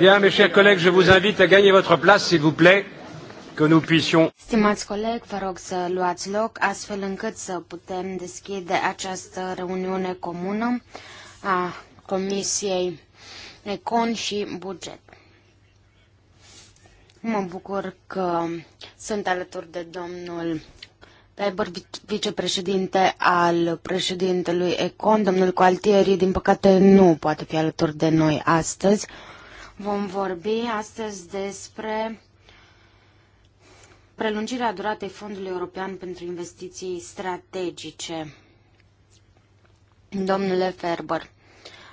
Bien, mes chers collègues, je vous invite à gagner votre place, s'il vous plaît, que nous puissions... Stimați coleg, vă rog să luați loc, astfel încât să putem deschide această reuniune comună a Comisiei Econ și Buget. Mă bucur că sunt alături de domnul Taiber, vicepreședinte al președintelui Econ, domnul Coaltieri, din păcate nu poate fi alături de noi astăzi. Vom vorbi astăzi despre prelungirea duratei Fondului European pentru Investiții Strategice. Domnule Ferber,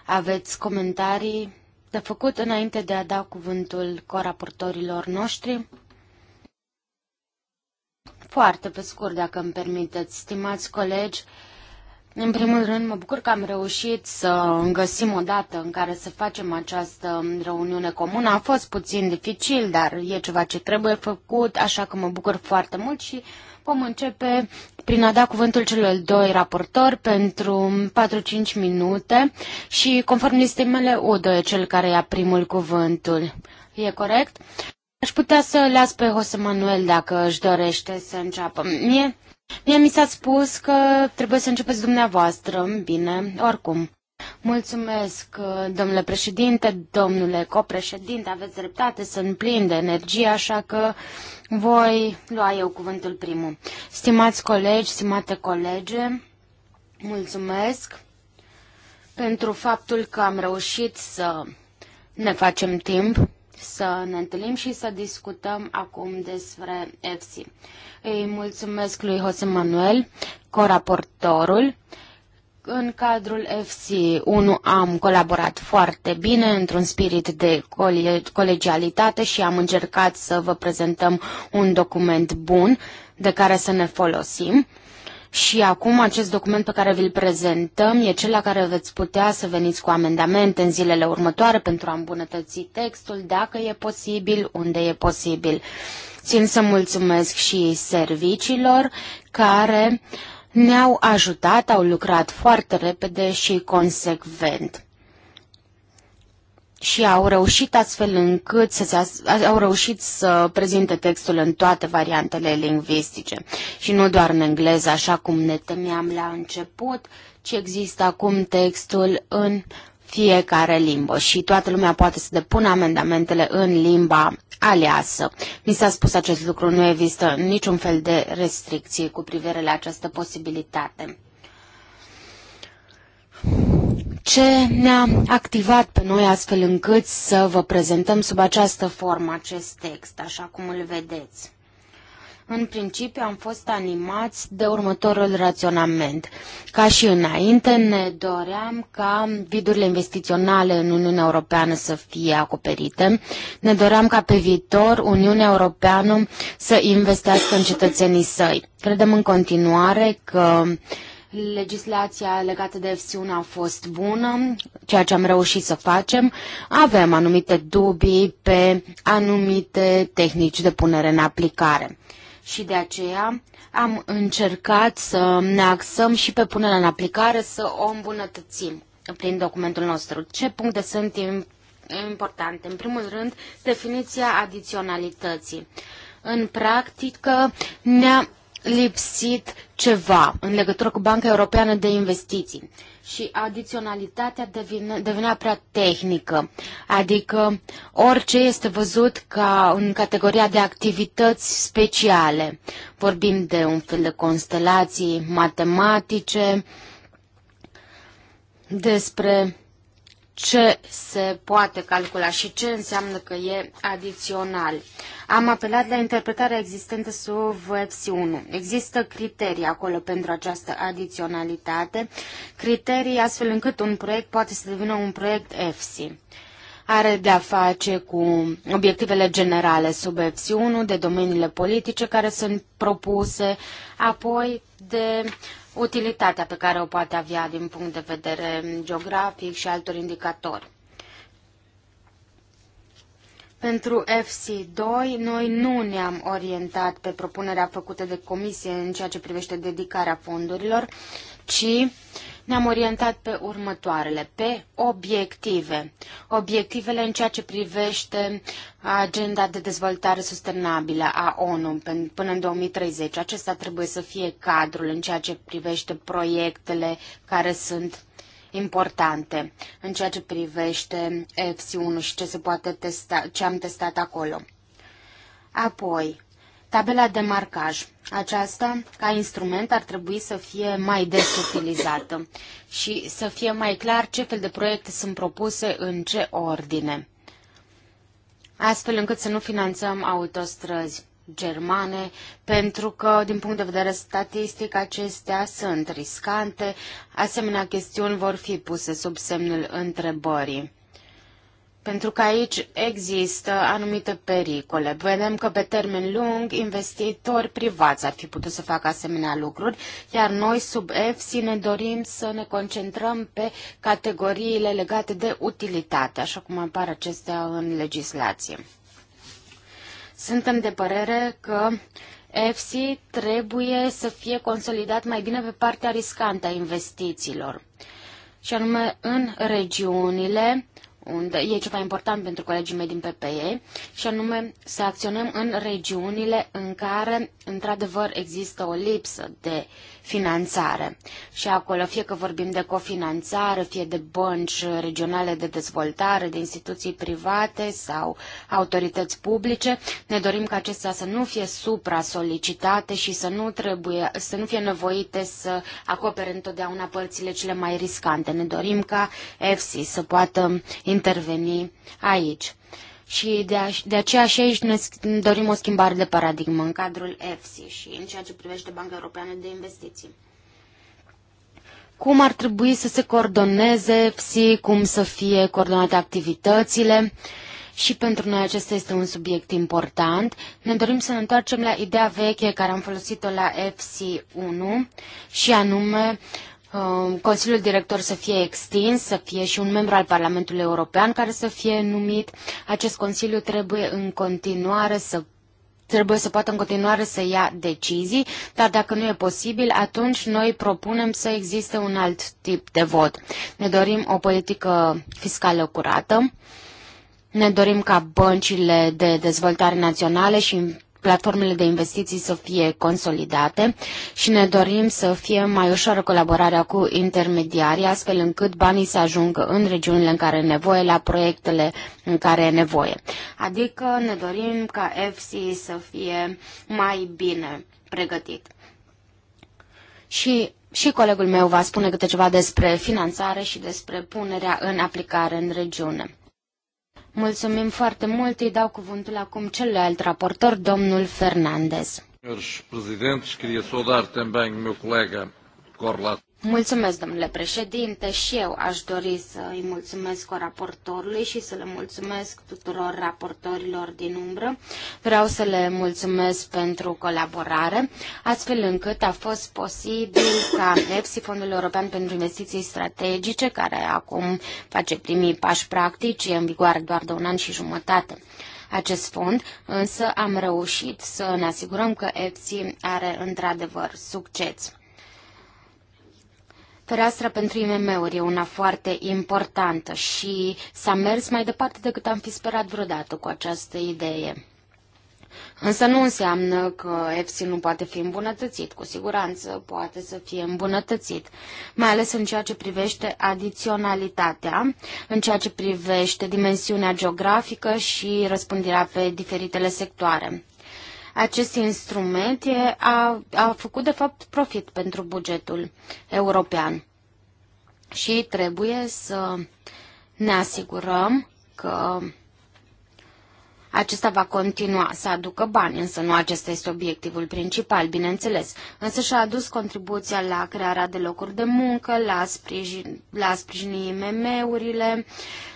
aveți comentarii de făcut înainte de a da cuvântul coraportorilor noștri? Foarte pe scurt, dacă îmi permiteți, stimați colegi, în primul rând, mă bucur că am reușit să găsim o dată în care să facem această reuniune comună. A fost puțin dificil, dar e ceva ce trebuie făcut, așa că mă bucur foarte mult și vom începe prin a da cuvântul celor doi raportori pentru 4-5 minute și, conform listei mele, Udo e cel care ia primul cuvântul. E corect? Aș putea să las pe Jose Manuel dacă își dorește să înceapă. Mie, mie mi s-a spus că trebuie să începeți dumneavoastră. Bine, oricum. Mulțumesc, domnule președinte, domnule copreședinte, aveți dreptate, sunt plin de energie, așa că voi lua eu cuvântul primul. Stimați colegi, stimate colege, mulțumesc pentru faptul că am reușit să ne facem timp să ne întâlnim și să discutăm acum despre EFSI. Îi mulțumesc lui Jose Manuel, coraportorul. În cadrul FC1 am colaborat foarte bine într-un spirit de colegialitate și am încercat să vă prezentăm un document bun de care să ne folosim. Și acum acest document pe care vi-l prezentăm e cel la care veți putea să veniți cu amendamente în zilele următoare pentru a îmbunătăți textul, dacă e posibil, unde e posibil. Țin să mulțumesc și serviciilor care ne-au ajutat, au lucrat foarte repede și consecvent și au reușit astfel încât să se, au reușit să prezinte textul în toate variantele lingvistice și nu doar în engleză, așa cum ne temeam la început, ci există acum textul în fiecare limbă și toată lumea poate să depună amendamentele în limba aleasă. Mi s-a spus acest lucru, nu există niciun fel de restricție cu privire la această posibilitate ce ne-a activat pe noi astfel încât să vă prezentăm sub această formă acest text, așa cum îl vedeți. În principiu am fost animați de următorul raționament. Ca și înainte, ne doream ca vidurile investiționale în Uniunea Europeană să fie acoperite. Ne doream ca pe viitor Uniunea Europeană să investească în cetățenii săi. Credem în continuare că uh, legislația legată de FSUN a fost bună, ceea ce am reușit să facem. Avem anumite dubii pe anumite tehnici de punere în aplicare. Și de aceea am încercat să ne axăm și pe punerea în aplicare, să o îmbunătățim prin documentul nostru. Ce puncte sunt importante? În primul rând, definiția adiționalității. În practică, ne-a lipsit ceva în legătură cu Banca Europeană de Investiții și adiționalitatea devine, devenea prea tehnică, adică orice este văzut ca în categoria de activități speciale. Vorbim de un fel de constelații matematice, despre ce se poate calcula și ce înseamnă că e adițional. Am apelat la interpretarea existentă sub EPSI 1. Există criterii acolo pentru această adiționalitate, criterii astfel încât un proiect poate să devină un proiect EFSI are de-a face cu obiectivele generale sub EPSI 1, de domeniile politice care sunt propuse, apoi de utilitatea pe care o poate avea din punct de vedere geografic și altor indicatori. Pentru FC2, noi nu ne-am orientat pe propunerea făcută de comisie în ceea ce privește dedicarea fondurilor, ci ne-am orientat pe următoarele, pe obiective. Obiectivele în ceea ce privește agenda de dezvoltare sustenabilă a ONU până în 2030. Acesta trebuie să fie cadrul în ceea ce privește proiectele care sunt importante în ceea ce privește FC1 și ce se poate testa, ce am testat acolo. Apoi, Tabela de marcaj. Aceasta, ca instrument, ar trebui să fie mai des utilizată și să fie mai clar ce fel de proiecte sunt propuse în ce ordine, astfel încât să nu finanțăm autostrăzi germane, pentru că, din punct de vedere statistic, acestea sunt riscante. Asemenea, chestiuni vor fi puse sub semnul întrebării. Pentru că aici există anumite pericole. Vedem că pe termen lung investitori privați ar fi putut să facă asemenea lucruri, iar noi sub EFSI ne dorim să ne concentrăm pe categoriile legate de utilitate, așa cum apar acestea în legislație. Suntem de părere că EFSI trebuie să fie consolidat mai bine pe partea riscantă a investițiilor, și anume în regiunile unde e ceva important pentru colegii mei din PPE, și anume să acționăm în regiunile în care, într-adevăr, există o lipsă de uh, finanțare. Și acolo, fie că vorbim de cofinanțare, fie de bănci regionale de dezvoltare, de instituții private sau autorități publice, ne dorim ca acestea să nu fie supra-solicitate și să nu, trebuie, să nu fie nevoite să acopere întotdeauna părțile cele mai riscante. Ne dorim ca EFSI să poată interveni aici și de, a, de aceea și aici ne dorim o schimbare de paradigmă în cadrul EFSI și în ceea ce privește Banca Europeană de Investiții. Cum ar trebui să se coordoneze EFSI, cum să fie coordonate activitățile și pentru noi acesta este un subiect important. Ne dorim să ne întoarcem la ideea veche care am folosit-o la EFSI 1 și anume uh, Um, Consiliul Director să fie extins, să fie și un membru al Parlamentului European care să fie numit. Acest Consiliu trebuie în continuare să trebuie să poată în continuare să ia decizii, dar dacă nu e posibil, atunci noi propunem să existe un alt tip de vot. Ne dorim o politică fiscală curată, ne dorim ca băncile de dezvoltare naționale și platformele de investiții să fie consolidate și ne dorim să fie mai ușoară colaborarea cu intermediarii, astfel încât banii să ajungă în regiunile în care e nevoie, la proiectele în care e nevoie. Adică ne dorim ca FC să fie mai bine pregătit. Și și colegul meu va spune câte ceva despre finanțare și despre punerea în aplicare în regiune. Mulțumim foarte mult. Îi dau cuvântul acum celălalt raportor, domnul Fernandez. Senhores Presidentes, queria saudar também o meu colega Corlat. Mulțumesc, domnule președinte, și eu aș dori să îi mulțumesc raportorului și să le mulțumesc tuturor raportorilor din umbră. Vreau să le mulțumesc pentru colaborare, astfel încât a fost posibil ca EPSI, Fondul European pentru Investiții Strategice, care acum face primii pași practici, e în vigoare doar de un an și jumătate, acest fond, însă am reușit să ne asigurăm că EPSI are într-adevăr succes. Fereastra pentru IMM-uri e una foarte importantă și s-a mers mai departe decât am fi sperat vreodată cu această idee. Însă nu înseamnă că EFSI nu poate fi îmbunătățit, cu siguranță poate să fie îmbunătățit, mai ales în ceea ce privește adiționalitatea, în ceea ce privește dimensiunea geografică și răspândirea pe diferitele sectoare. Acest instrument e, a, a făcut, de fapt, profit pentru bugetul european. Și trebuie să ne asigurăm că acesta va continua să aducă bani, însă nu acesta este obiectivul principal, bineînțeles. Însă și-a adus contribuția la crearea de locuri de muncă, la, sprijin, la sprijini IMM-urile,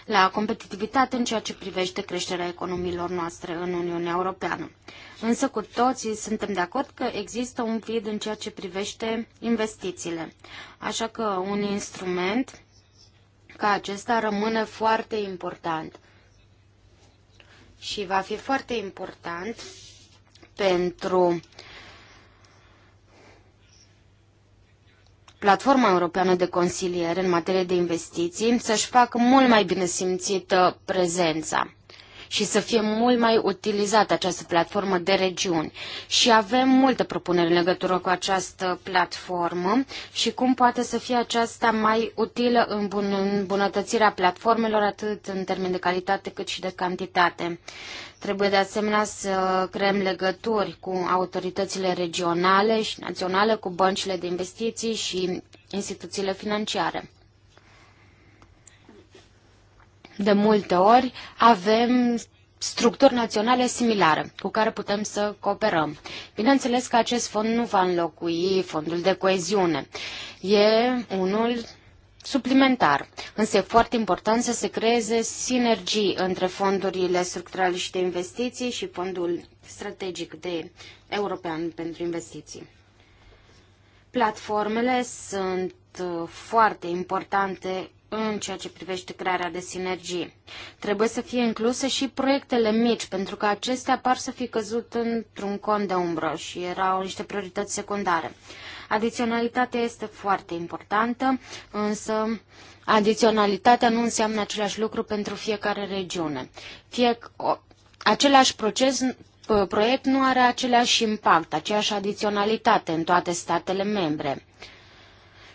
la competitivitate în ceea ce privește creșterea economiilor noastre în Uniunea Europeană. Însă cu toții suntem de acord că există un vid în ceea ce privește investițiile. Așa că un instrument ca acesta rămâne foarte important. Și va fi foarte important pentru Platforma Europeană de Consiliere în materie de investiții să-și facă mult mai bine simțită prezența și să fie mult mai utilizată această platformă de regiuni. Și avem multe propuneri în legătură cu această platformă și cum poate să fie aceasta mai utilă în îmbunătățirea platformelor, atât în termen de calitate cât și de cantitate. Trebuie de asemenea să creăm legături cu autoritățile regionale și naționale, cu băncile de investiții și instituțiile financiare. De multe ori avem structuri naționale similare cu care putem să cooperăm. Bineînțeles că acest fond nu va înlocui fondul de coeziune. E unul suplimentar, însă e foarte important să se creeze sinergii între fondurile structurale și de investiții și fondul strategic de european pentru investiții. Platformele sunt uh, foarte importante în ceea ce privește crearea de sinergii. Trebuie să fie incluse și proiectele mici, pentru că acestea par să fi căzut într-un cont de umbră și erau niște priorități secundare. Adiționalitatea este foarte importantă, însă adiționalitatea nu înseamnă același lucru pentru fiecare regiune. Fie o, același proces proiect nu are același impact, aceeași adiționalitate în toate statele membre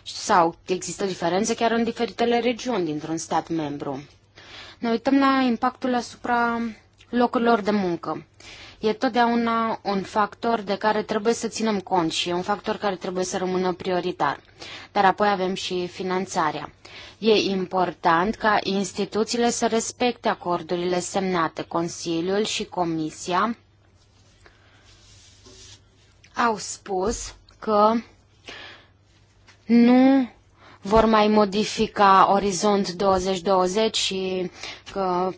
sau există diferențe chiar în diferitele regiuni dintr-un stat membru. Ne uităm la impactul asupra locurilor de muncă. E totdeauna un factor de care trebuie să ținem cont și e un factor care trebuie să rămână prioritar. Dar apoi avem și finanțarea. E important ca instituțiile să respecte acordurile semnate. Consiliul și Comisia au spus că nu vor mai modifica Orizont 2020 și, că,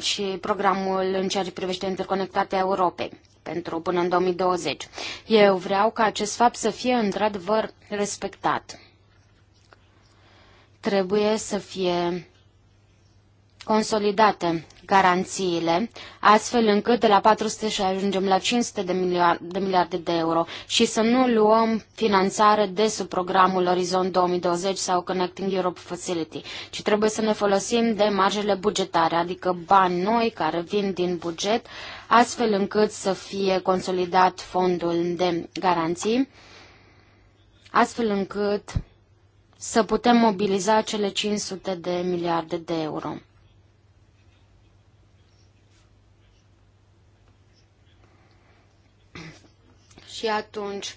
și programul în ceea ce privește interconectatea Europei pentru până în 2020. Eu vreau ca acest fapt să fie într-adevăr respectat. Trebuie să fie consolidate garanțiile, astfel încât de la 400 să ajungem la 500 de miliarde, de miliarde de euro și să nu luăm finanțare de sub programul Orizont 2020 sau Connecting Europe Facility, ci trebuie să ne folosim de marjele bugetare, adică bani noi care vin din buget, astfel încât să fie consolidat fondul de garanții, astfel încât să putem mobiliza cele 500 de miliarde de euro. și atunci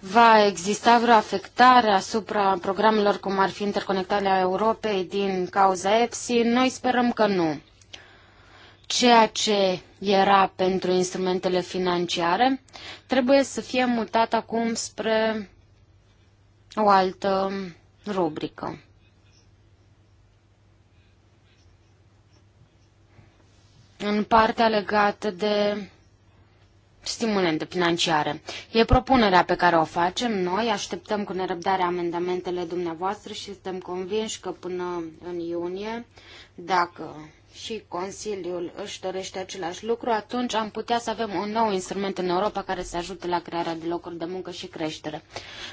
va exista vreo afectare asupra programelor cum ar fi interconectarea Europei din cauza EPSI? Noi sperăm că nu. Ceea ce era pentru instrumentele financiare trebuie să fie mutat acum spre o altă rubrică. În partea legată de stimulente financiare. E propunerea pe care o facem noi, așteptăm cu nerăbdare amendamentele dumneavoastră și suntem convinși că până în iunie, dacă și Consiliul își dorește același lucru, atunci am putea să avem un nou instrument în Europa care să ajute la crearea de locuri de muncă și creștere.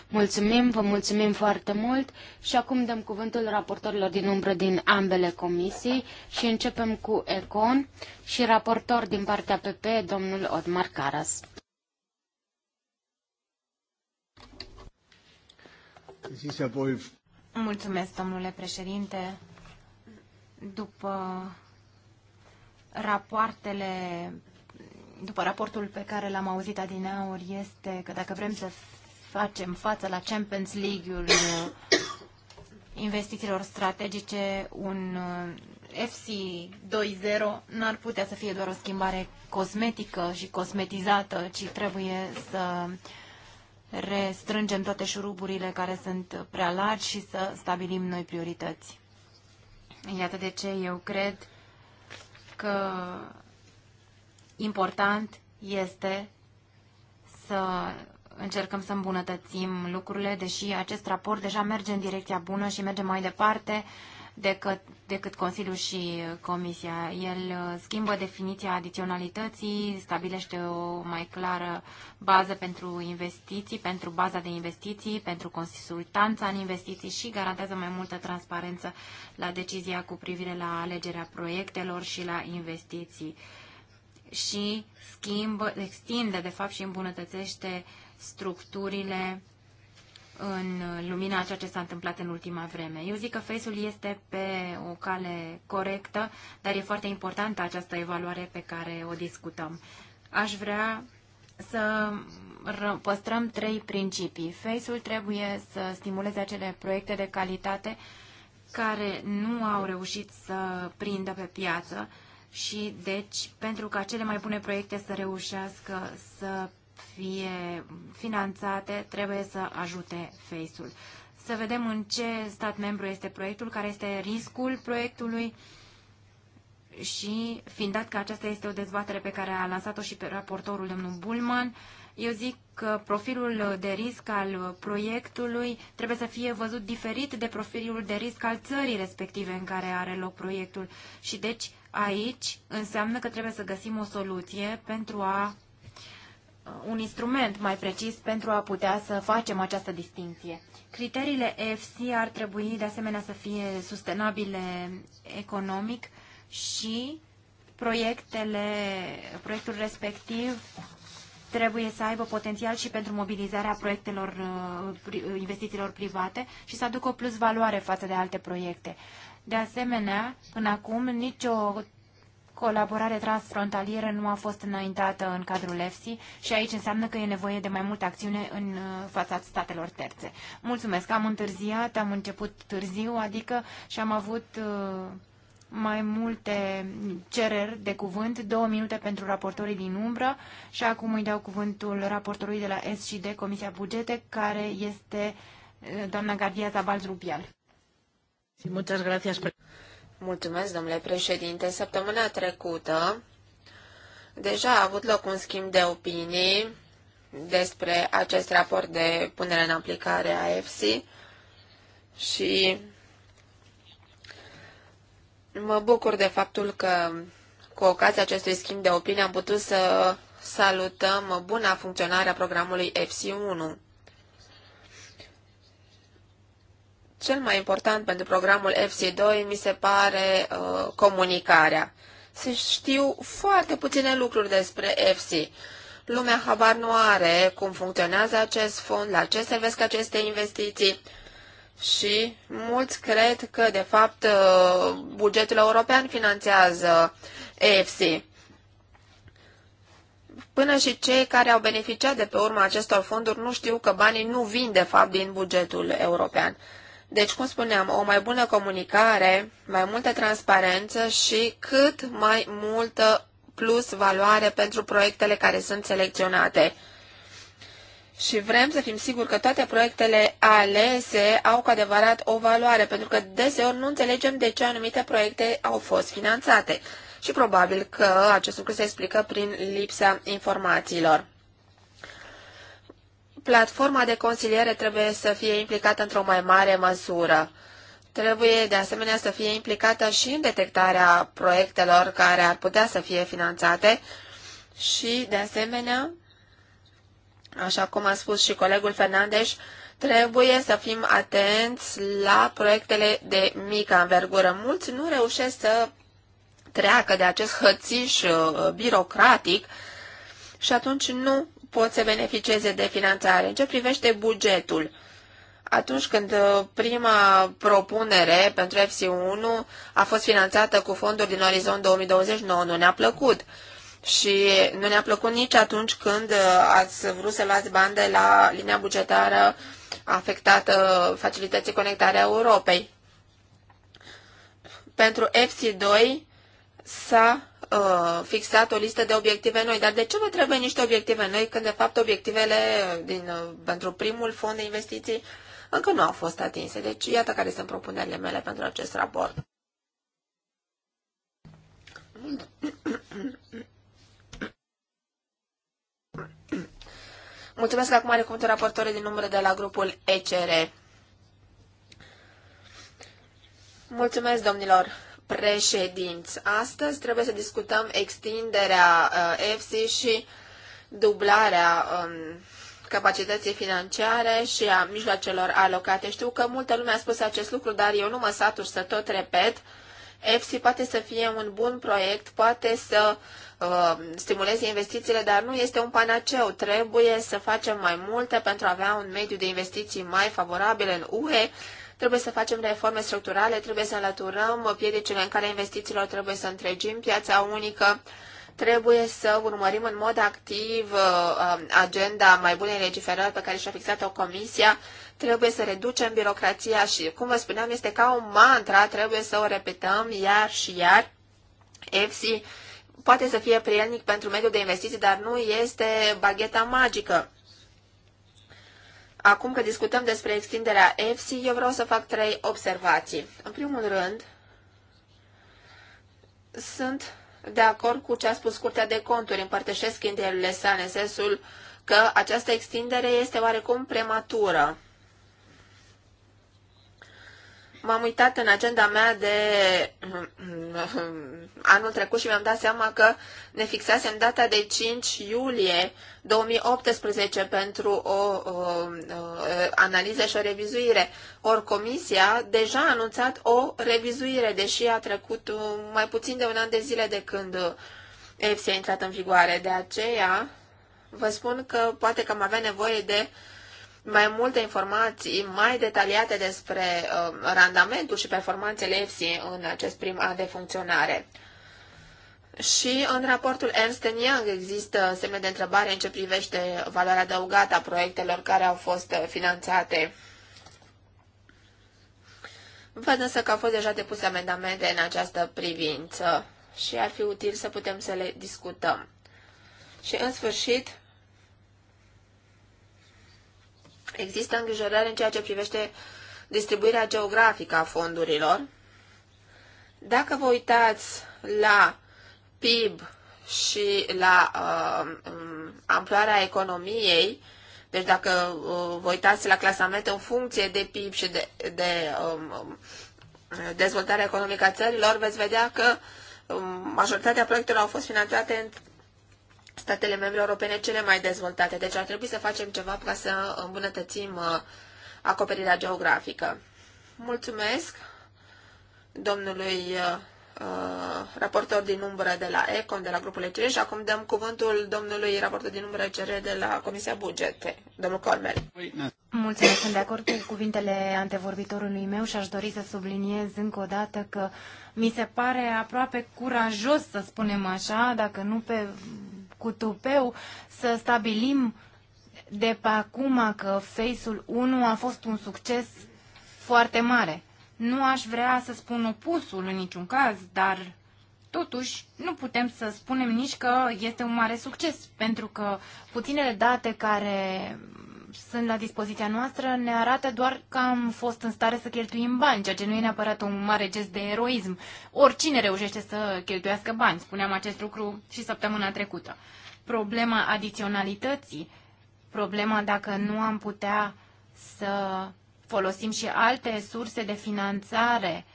Mulțumim, vă mulțumim foarte mult și acum dăm cuvântul raportorilor din umbră din ambele comisii și începem cu Econ și raportor din partea PP, domnul Odmar Caras. Mulțumesc, domnule președinte. După rapoartele, după raportul pe care l-am auzit adineauri, este că dacă vrem să facem față la Champions League-ul uh, investițiilor strategice, un uh, FC 2.0 n-ar putea să fie doar o schimbare cosmetică și cosmetizată, ci trebuie să restrângem toate șuruburile care sunt prea largi și să stabilim noi priorități. Iată de ce eu cred că important este să încercăm să îmbunătățim lucrurile, deși acest raport deja merge în direcția bună și merge mai departe decât, decât Consiliul și Comisia. El uh, schimbă definiția adiționalității, stabilește o mai clară bază pentru investiții, pentru baza de investiții, pentru consultanța în investiții și garantează mai multă transparență la decizia cu privire la alegerea proiectelor și la investiții. Și schimbă, extinde, de fapt, și îmbunătățește structurile în lumina a ceea ce s-a întâmplat în ultima vreme. Eu zic că Face-ul este pe o cale corectă, dar e foarte importantă această evaluare pe care o discutăm. Aș vrea să păstrăm trei principii. Face-ul trebuie să stimuleze acele proiecte de calitate care nu au reușit să prindă pe piață și, deci, pentru ca cele mai bune proiecte să reușească să fie finanțate trebuie să ajute FACE-ul. Să vedem în ce stat membru este proiectul, care este riscul proiectului și fiind dat că aceasta este o dezbatere pe care a lansat-o și pe raportorul domnul Bulman, eu zic că profilul de risc al proiectului trebuie să fie văzut diferit de profilul de risc al țării respective în care are loc proiectul. Și deci aici înseamnă că trebuie să găsim o soluție pentru a Uh, un instrument mai precis pentru a putea să facem această distinție. Criteriile EFC ar trebui de asemenea să fie sustenabile economic și proiectele, proiectul respectiv trebuie să aibă potențial și pentru mobilizarea proiectelor uh, uh, investițiilor private și să aducă o plus valoare față de alte proiecte. De asemenea, până acum, nicio colaborare transfrontalieră nu a fost înaintată în cadrul EFSI și aici înseamnă că e nevoie de mai multă acțiune în uh, fața statelor terțe. Mulțumesc, am întârziat, am început târziu, adică și am avut uh, mai multe cereri de cuvânt, două minute pentru raportorii din umbră și acum îi dau cuvântul raportorului de la S și de Comisia Bugete, care este uh, doamna Gardia Zabal Rubial. Sí, muchas gracias. Mulțumesc, domnule președinte. Săptămâna trecută deja a avut loc un schimb de opinii despre acest raport de punere în aplicare a EFSI și mă bucur de faptul că cu ocazia acestui schimb de opinii am putut să salutăm buna funcționare a programului EFSI 1. Cel mai important pentru programul FC2 mi se pare uh, comunicarea. Se știu foarte puține lucruri despre FC. Lumea habar nu are cum funcționează acest fond, la ce servesc aceste investiții și mulți cred că, de fapt, uh, bugetul european finanțează EFC. Până și cei care au beneficiat de pe urma acestor fonduri nu știu că banii nu vin, de fapt, din bugetul european. Deci, cum spuneam, o mai bună comunicare, mai multă transparență și cât mai multă plus valoare pentru proiectele care sunt selecționate. Și vrem să fim siguri că toate proiectele alese au cu adevărat o valoare, pentru că deseori nu înțelegem de ce anumite proiecte au fost finanțate. Și probabil că acest lucru se explică prin lipsa informațiilor. Platforma de consiliere trebuie să fie implicată într-o mai mare măsură. Trebuie de asemenea să fie implicată și în detectarea proiectelor care ar putea să fie finanțate și, de asemenea, așa cum a spus și colegul Fernandez, trebuie să fim atenți la proiectele de mică învergură. Mulți nu reușesc să treacă de acest hățiș uh, birocratic și atunci nu pot să beneficieze de finanțare. În ce privește bugetul, atunci când uh, prima propunere pentru FC1 a fost finanțată cu fonduri din Orizont 2020, nu ne-a plăcut. Și nu ne-a plăcut nici atunci când uh, ați vrut să luați bani de la linia bugetară afectată uh, facilității conectarea Europei. Pentru FC2 s-a uh, fixat o listă de obiective noi. Dar de ce vă trebuie niște obiective noi când, de fapt, obiectivele din, uh, pentru primul fond de investiții încă nu au fost atinse? Deci, iată care sunt propunerile mele pentru acest raport. Mulțumesc acum are cuvântul raportorii din umbră de la grupul ECR. Mulțumesc, domnilor președinți. Astăzi trebuie să discutăm extinderea EFSI uh, și dublarea um, capacității financiare și a mijloacelor alocate. Știu că multă lume a spus acest lucru, dar eu nu mă satur să tot repet. EFSI poate să fie un bun proiect, poate să uh, stimuleze investițiile, dar nu este un panaceu. Trebuie să facem mai multe pentru a avea un mediu de investiții mai favorabil în UE Trebuie să facem reforme structurale, trebuie să înlăturăm piedicile în care investițiilor trebuie să întregim piața unică, trebuie să urmărim în mod activ uh, uh, agenda mai bunei legiferări pe care și-a fixat-o Comisia, trebuie să reducem birocrația și, cum vă spuneam, este ca o mantra, trebuie să o repetăm iar și iar. EFSI poate să fie prielnic pentru mediul de investiții, dar nu este bagheta magică. Acum că discutăm despre extinderea EFSI, eu vreau să fac trei observații. În primul rând, sunt de acord cu ce a spus Curtea de Conturi, împărtășesc îndoielile sale în sensul că această extindere este oarecum prematură. M-am uitat în agenda mea de anul trecut și mi-am dat seama că ne fixasem data de 5 iulie 2018 pentru o, o, o analiză și o revizuire. Ori comisia deja a anunțat o revizuire, deși a trecut uh, mai puțin de un an de zile de când EFSI uh, a intrat în vigoare. De aceea vă spun că poate că am avea nevoie de mai multe informații mai detaliate despre uh, randamentul și performanțele EFSI în acest prim an de funcționare. Și în raportul Ernst Young există semne de întrebare în ce privește valoarea adăugată a proiectelor care au fost uh, finanțate. Văd însă că au fost deja depuse amendamente în această privință și ar fi util să putem să le discutăm. Și în sfârșit, Există îngrijorări în ceea ce privește distribuirea geografică a fondurilor. Dacă vă uitați la PIB și la uh, um, amploarea economiei, deci dacă uh, vă uitați la clasamente în funcție de PIB și de, de um, um, dezvoltarea economică a țărilor, veți vedea că um, majoritatea proiectelor au fost finanțate în statele membre europene cele mai dezvoltate. Deci ar trebui să facem ceva ca să îmbunătățim uh, acoperirea geografică. Mulțumesc domnului uh, uh, raportor din umbră de la ECON, de la grupul ECR și acum dăm cuvântul domnului raportor din umbră ECR de la Comisia Bugete, domnul Cormel. Mulțumesc, sunt de acord cu cuvintele antevorbitorului meu și aș dori să subliniez încă o dată că mi se pare aproape curajos, să spunem așa, dacă nu pe cu tupeu să stabilim de pe acum că Face-ul 1 a fost un succes foarte mare. Nu aș vrea să spun opusul în niciun caz, dar totuși nu putem să spunem nici că este un mare succes, pentru că puținele date care sunt la dispoziția noastră ne arată doar că am fost în stare să cheltuim bani, ceea ce nu e neapărat un mare gest de eroism. Oricine reușește să cheltuiască bani, spuneam acest lucru și săptămâna trecută. Problema adiționalității, problema dacă nu am putea să folosim și alte surse de finanțare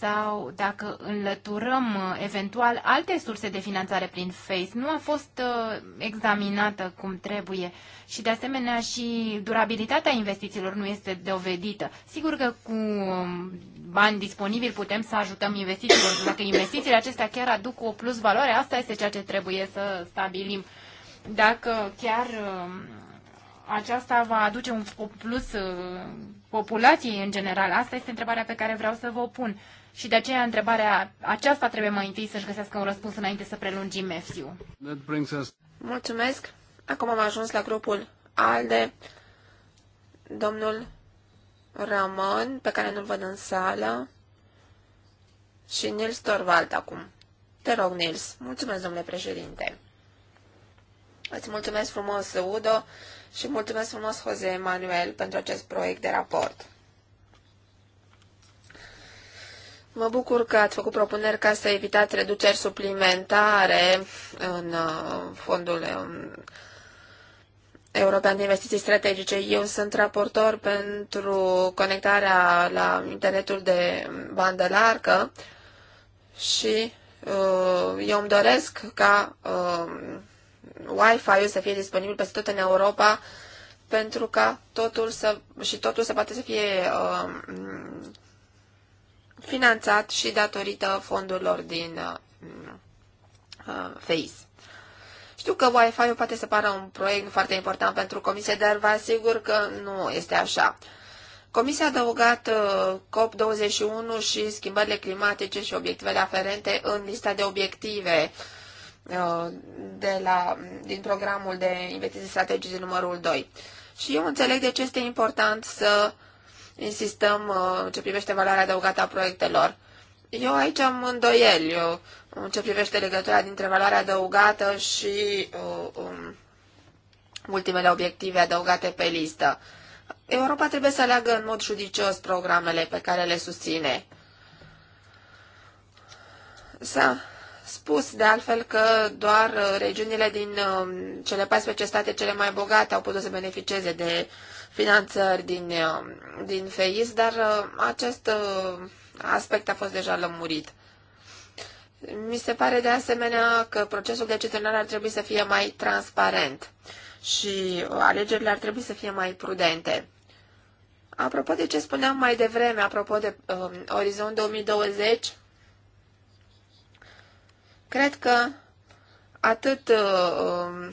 sau dacă înlăturăm uh, eventual alte surse de finanțare prin FACE, nu a fost uh, examinată cum trebuie și de asemenea și durabilitatea investițiilor nu este dovedită. Sigur că cu um, bani disponibili putem să ajutăm investițiilor, dacă investițiile acestea chiar aduc o plus valoare, asta este ceea ce trebuie să stabilim. Dacă chiar um, aceasta va aduce un plus uh, populației în general? Asta este întrebarea pe care vreau să vă o pun. Și de aceea întrebarea aceasta trebuie mai întâi să-și găsească un răspuns înainte să prelungim EFSIU. Mulțumesc. Acum am ajuns la grupul ALDE. Domnul Ramon, pe care nu-l văd în sală, și Nils Torvald acum. Te rog, Nils. Mulțumesc, domnule președinte. Îți mulțumesc frumos, Udo, și mulțumesc frumos, Jose Emanuel, pentru acest proiect de raport. Mă bucur că ați făcut propuneri ca să evitați reduceri suplimentare în uh, fondul um, European de Investiții Strategice. Eu sunt raportor pentru conectarea la internetul de bandă largă și uh, eu îmi doresc ca um, Wi-Fi-ul să fie disponibil peste tot în Europa pentru ca totul să, și totul să poate să fie uh, finanțat și datorită fondurilor din uh, FACE. Știu că Wi-Fi-ul poate să pară un proiect foarte important pentru comisie, dar vă asigur că nu este așa. Comisia a adăugat uh, COP21 și schimbările climatice și obiectivele aferente în lista de obiective Uh, de la, din programul de investiții strategice numărul 2. Și eu înțeleg de ce este important să insistăm uh, ce privește valoarea adăugată a proiectelor. Eu aici am îndoieli eu, uh, în ce privește legătura dintre valoarea adăugată și uh, um, ultimele obiective adăugate pe listă. Europa trebuie să aleagă în mod judicios programele pe care le susține. Să spus de altfel că doar uh, regiunile din um, cele 14 state cele mai bogate au putut să beneficieze de finanțări din, um, din FEIS, dar uh, acest uh, aspect a fost deja lămurit. Mi se pare de asemenea că procesul de cetățenare ar trebui să fie mai transparent și alegerile ar trebui să fie mai prudente. Apropo de ce spuneam mai devreme, apropo de uh, Orizont 2020, Cred că atât uh,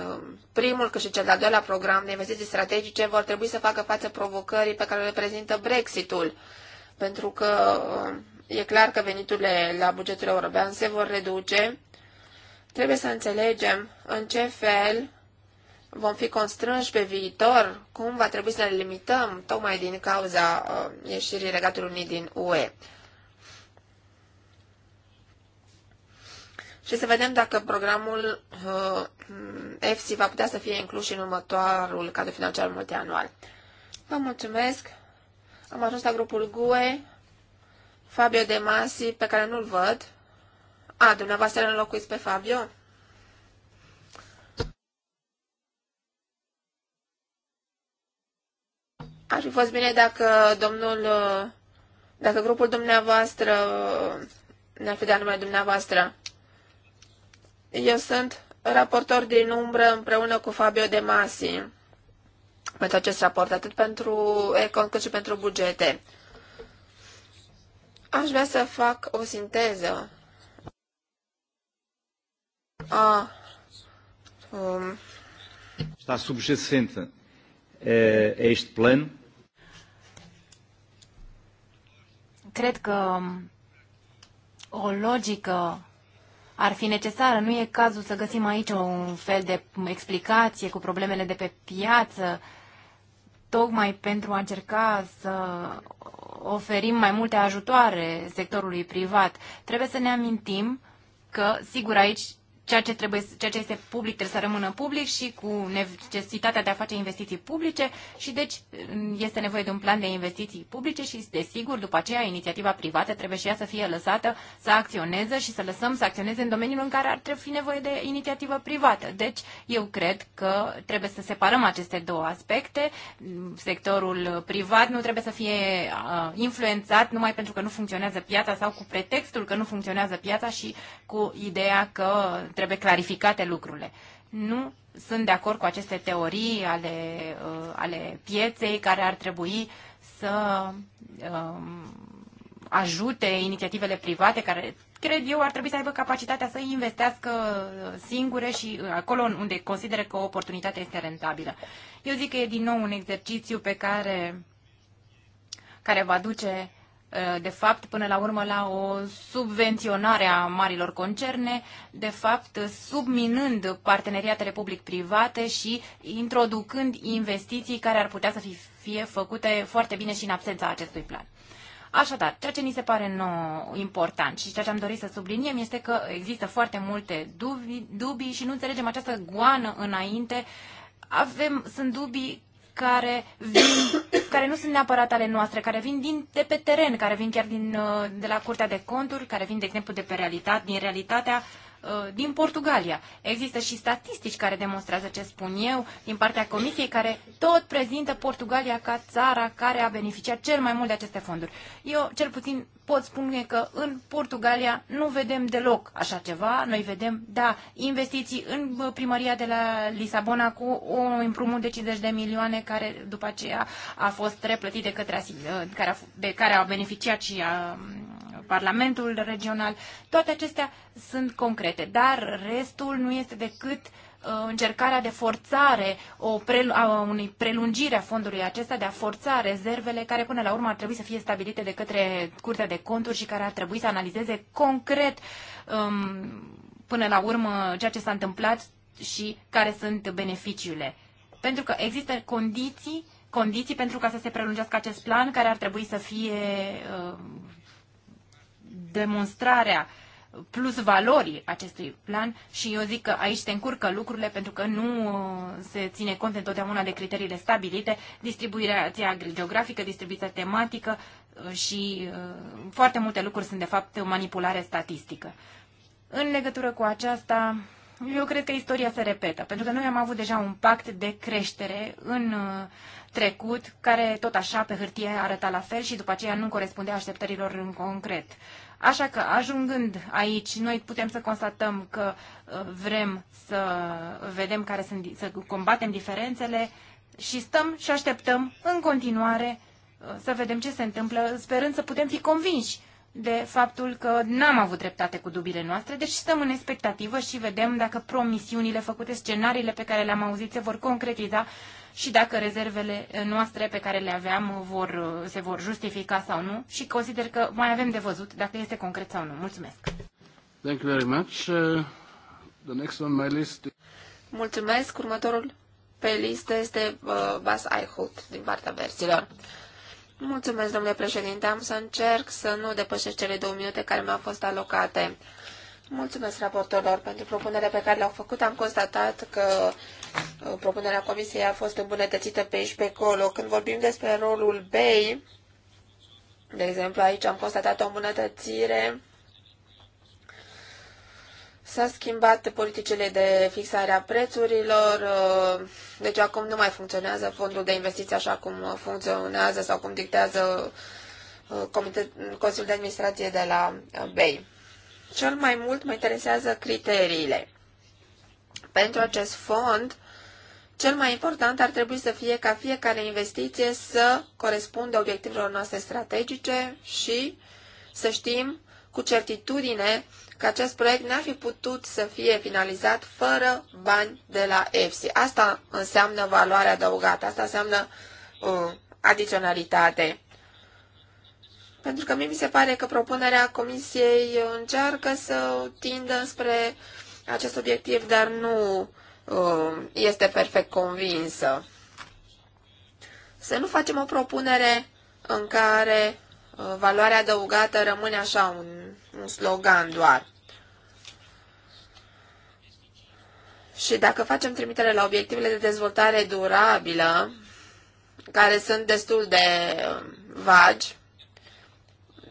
uh, primul cât și cel de-al doilea program de investiții strategice vor trebui să facă față provocării pe care le prezintă Brexitul, pentru că uh, e clar că veniturile la bugetul european se vor reduce. Trebuie să înțelegem în ce fel vom fi constrânși pe viitor, cum va trebui să ne limităm, tocmai din cauza uh, ieșirii Regatului Unii din UE. și să vedem dacă programul EFSI uh, va putea să fie inclus în următorul cadru financiar multianual. Vă mulțumesc! Am ajuns la grupul GUE, Fabio De Masi, pe care nu-l văd. A, dumneavoastră îl înlocuiți pe Fabio? Ar fi fost bine dacă domnul, uh, dacă grupul dumneavoastră uh, ne-ar fi dat numele dumneavoastră. Eu sunt raportor din umbră împreună cu Fabio De Masi pentru acest raport, atât pentru Econ cât și pentru bugete. Aș vrea să fac o sinteză a um, Está subjacente eh, a este plan? Cred că o logică ar fi necesară. Nu e cazul să găsim aici un fel de explicație cu problemele de pe piață, tocmai pentru a încerca să oferim mai multe ajutoare sectorului privat. Trebuie să ne amintim că, sigur, aici ceea ce, trebuie, ceea ce este public trebuie să rămână public și cu necesitatea de a face investiții publice și deci mm, este nevoie de un plan de investiții publice și desigur după aceea inițiativa privată trebuie și ea să fie lăsată să acționeze și să lăsăm să acționeze în domeniul în care ar trebui fi nevoie de inițiativă privată. Deci eu cred că trebuie să separăm aceste două aspecte. Sectorul privat nu trebuie să fie uh, influențat numai pentru că nu funcționează piața sau cu pretextul că nu funcționează piața și cu ideea că trebuie clarificate lucrurile. Nu sunt de acord cu aceste teorii ale, uh, ale pieței care ar trebui să uh, ajute inițiativele private care, cred eu, ar trebui să aibă capacitatea să investească singure și uh, acolo unde consideră că o oportunitate este rentabilă. Eu zic că e din nou un exercițiu pe care, care va duce Eh, de fapt, până la urmă, la o subvenționare a marilor concerne, de fapt, subminând parteneriatele public-private și introducând investiții care ar putea să fie făcute foarte bine și în absența acestui plan. Așadar, ceea ce ni se pare nou, important și ceea ce am dorit să subliniem este că există foarte multe dubii, dubii și nu înțelegem această goană înainte. Avem, sunt dubii care vin, care nu sunt neapărat ale noastre, care vin din, de pe teren, care vin chiar din, uh, de la Curtea de Conturi, care vin, de exemplu, de pe realitate, din realitatea uh, Uh, din Portugalia. Există și statistici care demonstrează ce spun eu din partea Comisiei care tot prezintă Portugalia ca țara care a beneficiat cel mai mult de aceste fonduri. Eu cel puțin pot spune că în Portugalia nu vedem deloc așa ceva. Noi vedem, da, investiții în uh, primăria de la Lisabona cu un împrumut de 50 de milioane care după aceea a fost replătit de către, uh, care a, de care a beneficiat și a, um, Parlamentul Regional, toate acestea sunt concrete, dar restul nu este decât uh, încercarea de forțare o prel- a unei prelungire a fondului acesta, de a forța rezervele care până la urmă ar trebui să fie stabilite de către Curtea de Conturi și care ar trebui să analizeze concret um, până la urmă ceea ce s-a întâmplat și care sunt beneficiile. Pentru că există condiții condiții pentru ca să se prelungească acest plan care ar trebui să fie uh, demonstrarea plus valorii acestui plan și eu zic că aici se încurcă lucrurile pentru că nu uh, se ține cont întotdeauna de criteriile stabilite, distribuirea geografică, distribuirea tematică uh, și uh, foarte multe lucruri sunt de fapt manipulare statistică. În legătură cu aceasta, eu cred că istoria se repetă, pentru că noi am avut deja un pact de creștere în trecut, care tot așa pe hârtie arăta la fel și după aceea nu corespundea așteptărilor în concret. Așa că, ajungând aici, noi putem să constatăm că uh, vrem să vedem care sunt, să combatem diferențele și stăm și așteptăm în continuare uh, să vedem ce se întâmplă, sperând să putem fi convinși de faptul că n-am avut dreptate cu dubile noastre, deci stăm în expectativă și vedem dacă promisiunile făcute, scenariile pe care le-am auzit se vor concretiza și dacă rezervele noastre pe care le aveam vor, se vor justifica sau nu și consider că mai avem de văzut dacă este concret sau nu. Mulțumesc! Thank you very much. Uh, the next on my list... Mulțumesc! Următorul pe listă este uh, Bas Eichholt din partea versilor. Mulțumesc, domnule președinte. Am să încerc să nu depășesc cele două minute care mi-au fost alocate. Mulțumesc raportorilor pentru propunerea pe care le-au făcut. Am constatat că uh, propunerea comisiei a fost îmbunătățită pe aici pe acolo. Când vorbim despre rolul BEI, de exemplu, aici am constatat o îmbunătățire S-a schimbat politicile de fixare a prețurilor, uh, deci acum nu mai funcționează fondul de investiții așa cum funcționează sau cum dictează uh, Consiliul de Administrație de la uh, BEI. Cel mai mult mă interesează criteriile. Pentru acest fond, cel mai important ar trebui să fie ca fiecare investiție să corespundă obiectivelor noastre strategice și să știm cu certitudine că acest proiect n-ar fi putut să fie finalizat fără bani de la EFSI. Asta înseamnă valoare adăugată, asta înseamnă uh, adiționalitate. Pentru că mie mi se pare că propunerea Comisiei încearcă să tindă spre acest obiectiv, dar nu uh, este perfect convinsă. Să nu facem o propunere în care Uh, valoarea adăugată rămâne așa un, un slogan doar. Și dacă facem trimitere la obiectivele de dezvoltare durabilă, care sunt destul de uh, vagi,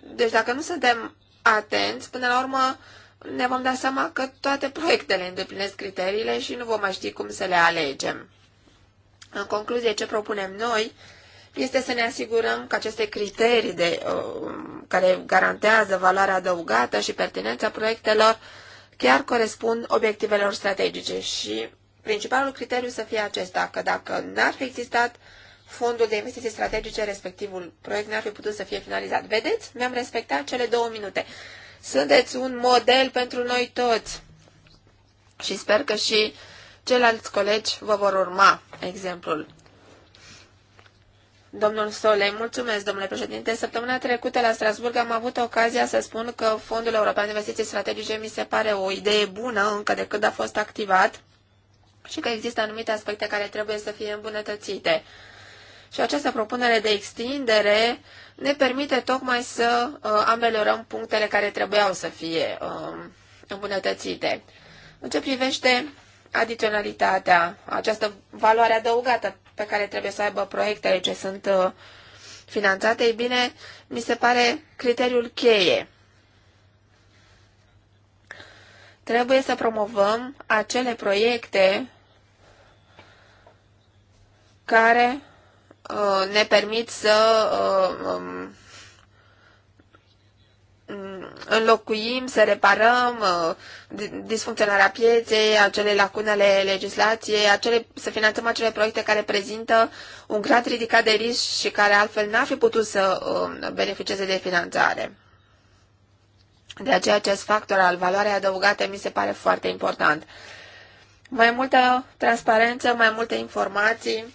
deci dacă nu suntem atenți, până la urmă ne vom da seama că toate proiectele îndeplinesc criteriile și nu vom mai ști cum să le alegem. În concluzie, ce propunem noi este să ne asigurăm că aceste criterii de, uh, care garantează valoarea adăugată și pertinența proiectelor chiar corespund obiectivelor strategice și principalul criteriu să fie acesta, că dacă n-ar fi existat fondul de investiții strategice, respectivul proiect n-ar fi putut să fie finalizat. Vedeți? Mi-am respectat cele două minute. Sunteți un model pentru noi toți și sper că și ceilalți colegi vă vor urma exemplul. Domnul Sole, mulțumesc, domnule președinte. Săptămâna trecută la Strasburg am avut ocazia să spun că Fondul European de Investiții Strategice mi se pare o idee bună încă de când a fost activat și că există anumite aspecte care trebuie să fie îmbunătățite. Și această propunere de extindere ne permite tocmai să uh, ameliorăm punctele care trebuiau să fie uh, îmbunătățite. În ce privește adiționalitatea, această valoare adăugată pe care trebuie să aibă proiectele ce sunt uh, finanțate, ei bine, mi se pare criteriul cheie. Trebuie să promovăm acele proiecte care uh, ne permit să uh, um, înlocuim, să reparăm uh, disfuncționarea pieței, acele lacune ale legislației, acele, să finanțăm acele proiecte care prezintă un grad ridicat de risc și care altfel n-ar fi putut să um, beneficieze de finanțare. De aceea acest factor al valoarei adăugate mi se pare foarte important. Mai multă transparență, mai multe informații,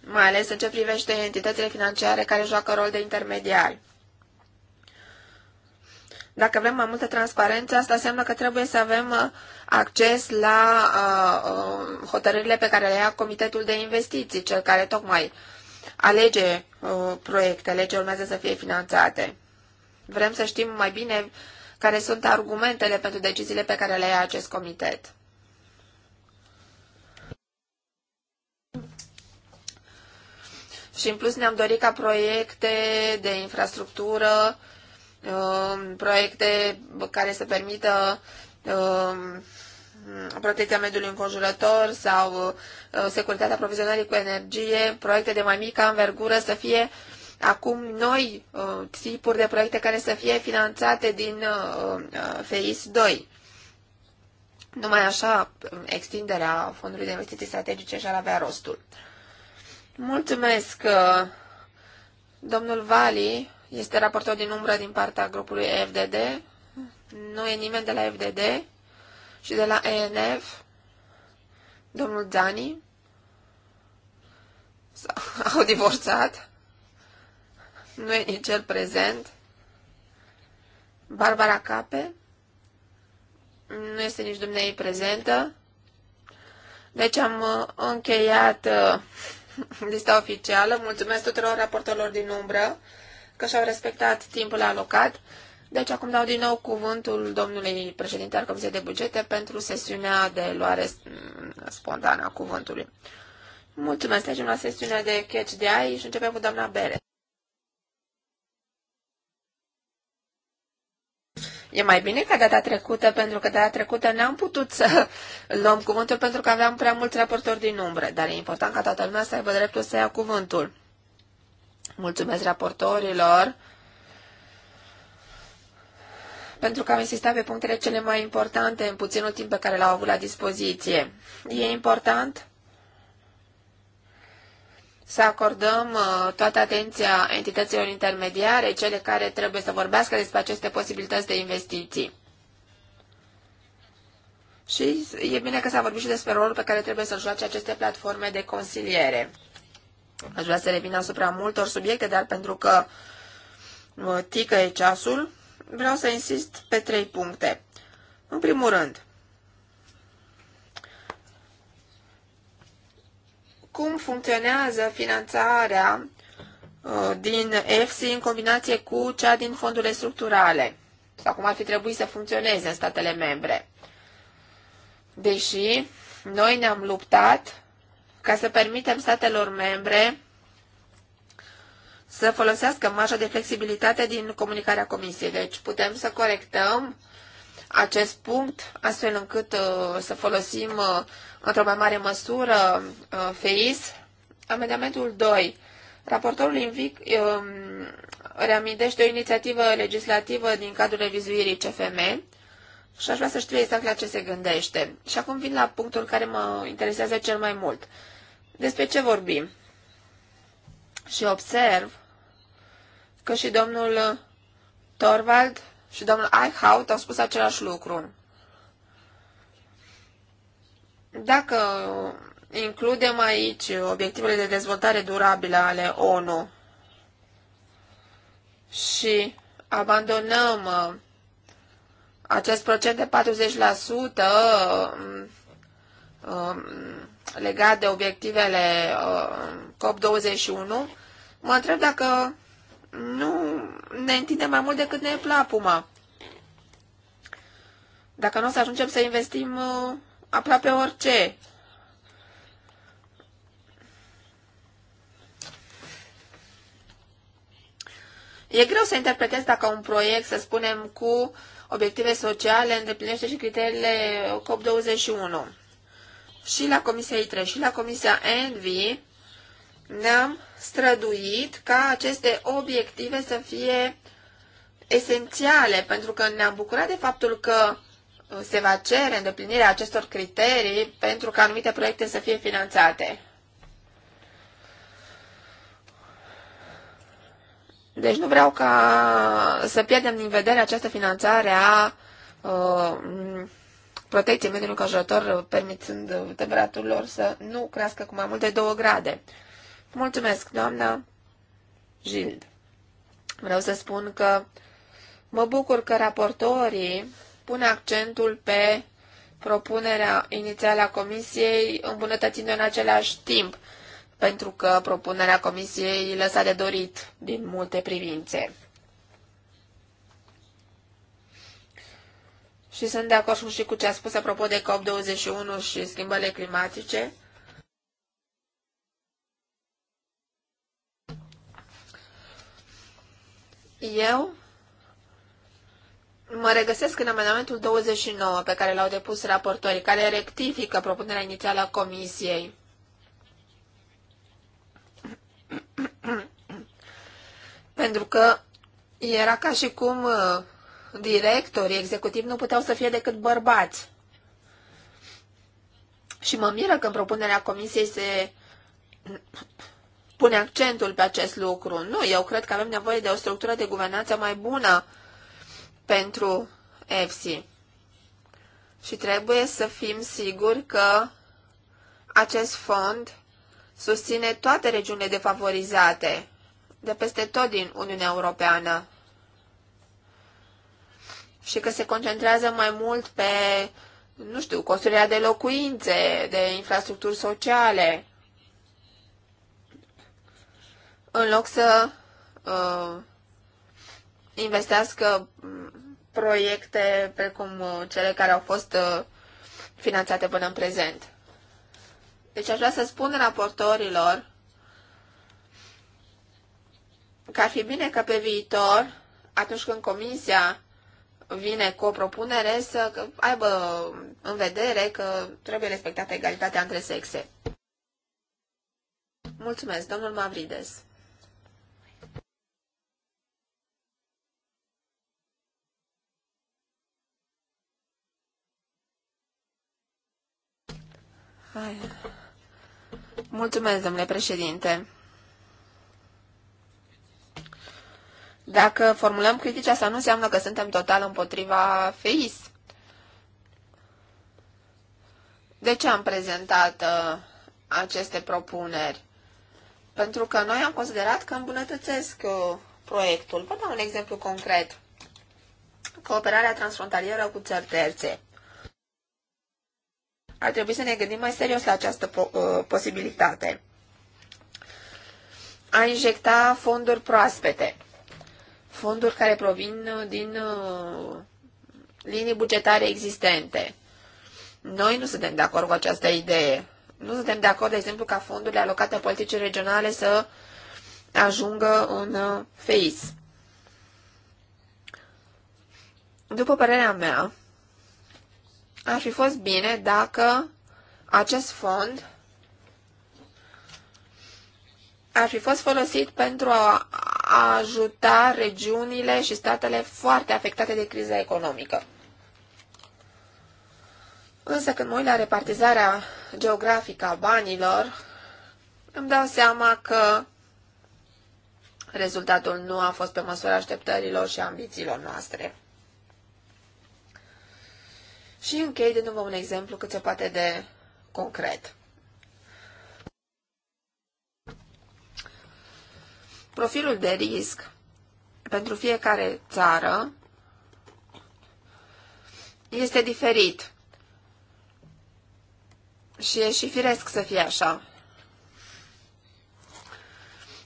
mai ales în ce privește entitățile financiare care joacă rol de intermediari. Dacă vrem mai multă transparență, asta înseamnă că trebuie să avem uh, acces la uh, uh, hotărârile pe care le ia Comitetul de Investiții, cel care tocmai alege proiectele ce urmează să fie finanțate. Vrem să știm mai bine care sunt argumentele pentru deciziile pe care le ia acest comitet. Și în plus ne-am dorit ca proiecte de infrastructură Um, proiecte care să permită um, protecția mediului înconjurător sau uh, securitatea aprovizionării cu energie, proiecte de mai mică învergură să fie acum noi uh, tipuri de proiecte care să fie finanțate din uh, FEIS 2. Numai așa extinderea fondului de investiții strategice și-ar avea rostul. Mulțumesc, domnul Vali, este raportor din umbră din partea grupului FDD. Nu e nimeni de la FDD și de la ENF. Domnul Dani. Au divorțat. Nu e nici el prezent. Barbara Cape. Nu este nici dumnei prezentă. Deci am uh, încheiat uh, lista oficială. Mulțumesc tuturor raportorilor din umbră că și-au respectat timpul alocat. Deci acum dau din nou cuvântul domnului președinte al Comisiei de Bugete pentru sesiunea de luare spontană a cuvântului. Mulțumesc, trecem la sesiunea de catch de ai și începem cu doamna Bere. E mai bine ca data trecută, pentru că data trecută n-am putut să luăm cuvântul pentru că aveam prea mulți raportori din umbră, dar e important ca toată lumea să aibă dreptul să ia cuvântul. Mulțumesc raportorilor pentru că am insistat pe punctele cele mai importante în puținul timp pe care l-au avut la dispoziție. E important să acordăm uh, toată atenția entităților intermediare, cele care trebuie să vorbească despre aceste posibilități de investiții. Și e bine că s-a vorbit și despre rolul pe care trebuie să-l joace aceste platforme de consiliere. Aș vrea să revin asupra multor subiecte, dar pentru că tică e ceasul, vreau să insist pe trei puncte. În primul rând, cum funcționează finanțarea uh, din EFSI în combinație cu cea din fondurile structurale sau cum ar fi trebuit să funcționeze în statele membre. Deși noi ne-am luptat ca să permitem statelor membre să folosească marja de flexibilitate din comunicarea comisiei. Deci putem să corectăm acest punct astfel încât uh, să folosim uh, într-o mai mare măsură uh, FEIS. Amendamentul 2. Raportorul invic, um, reamintește o inițiativă legislativă din cadrul revizuirii CFM și aș vrea să știu exact la ce se gândește. Și acum vin la punctul care mă interesează cel mai mult despre ce vorbim. Și observ că și domnul Torvald și domnul Eichhout au spus același lucru. Dacă includem aici obiectivele de dezvoltare durabilă ale ONU și abandonăm uh, acest procent de 40% legat de obiectivele uh, COP21, mă întreb dacă nu ne întindem mai mult decât ne e plapuma. Dacă nu o să ajungem să investim uh, aproape orice. E greu să interpretez dacă un proiect, să spunem, cu obiective sociale îndeplinește și criteriile COP21 și la Comisia I3 și la Comisia Envy ne-am străduit ca aceste obiective să fie esențiale, pentru că ne-am bucurat de faptul că uh, se va cere îndeplinirea acestor criterii pentru ca anumite proiecte să fie finanțate. Deci nu vreau ca să pierdem din vedere această finanțare a uh, protecție mediului înconjurător, permițând temperaturilor să nu crească cu mai mult de 2 grade. Mulțumesc, doamna Gild. Vreau să spun că mă bucur că raportorii pun accentul pe propunerea inițială a Comisiei, îmbunătățindu în același timp, pentru că propunerea Comisiei lăsa de dorit din multe privințe. și sunt de acord și cu ce a spus apropo de COP21 și schimbările climatice. Eu mă regăsesc în amendamentul 29 pe care l-au depus raportorii, care rectifică propunerea inițială a Comisiei. Pentru că era ca și cum uh, directorii executivi nu puteau să fie decât bărbați. Și mă miră că în propunerea comisiei se pune accentul pe acest lucru. Nu, eu cred că avem nevoie de o structură de guvernanță mai bună pentru EFSI. Și trebuie să fim siguri că acest fond susține toate regiunile defavorizate de peste tot din Uniunea Europeană și că se concentrează mai mult pe, nu știu, construirea de locuințe, de infrastructuri sociale, în loc să uh, investească mm, proiecte precum uh, cele care au fost uh, finanțate până în prezent. Deci aș vrea să spun raportorilor că ar fi bine ca pe viitor, atunci când Comisia vine cu o propunere să aibă în vedere că trebuie respectată egalitatea între sexe. Mulțumesc, domnul Mavrides. Hai. Mulțumesc, domnule președinte. Dacă formulăm critici, asta nu înseamnă că suntem total împotriva FEIS. De ce am prezentat uh, aceste propuneri? Pentru că noi am considerat că îmbunătățesc uh, proiectul. Vă dau un exemplu concret. Cooperarea transfrontalieră cu țări terțe. Ar trebui să ne gândim mai serios la această po uh, posibilitate. A injecta fonduri proaspete fonduri care provin uh, din uh, linii bugetare existente. Noi nu suntem de acord cu această idee. Nu suntem de acord, de exemplu, ca fondurile alocate politicii regionale să ajungă în uh, FEIS. După părerea mea, ar fi fost bine dacă acest fond ar fi fost folosit pentru a a ajuta regiunile și statele foarte afectate de criza economică. Însă când mă uit la repartizarea geografică a banilor, îmi dau seama că rezultatul nu a fost pe măsura așteptărilor și ambițiilor noastre. Și închei de nou un exemplu cât se poate de concret. Profilul de risc pentru fiecare țară este diferit. Și e și firesc să fie așa.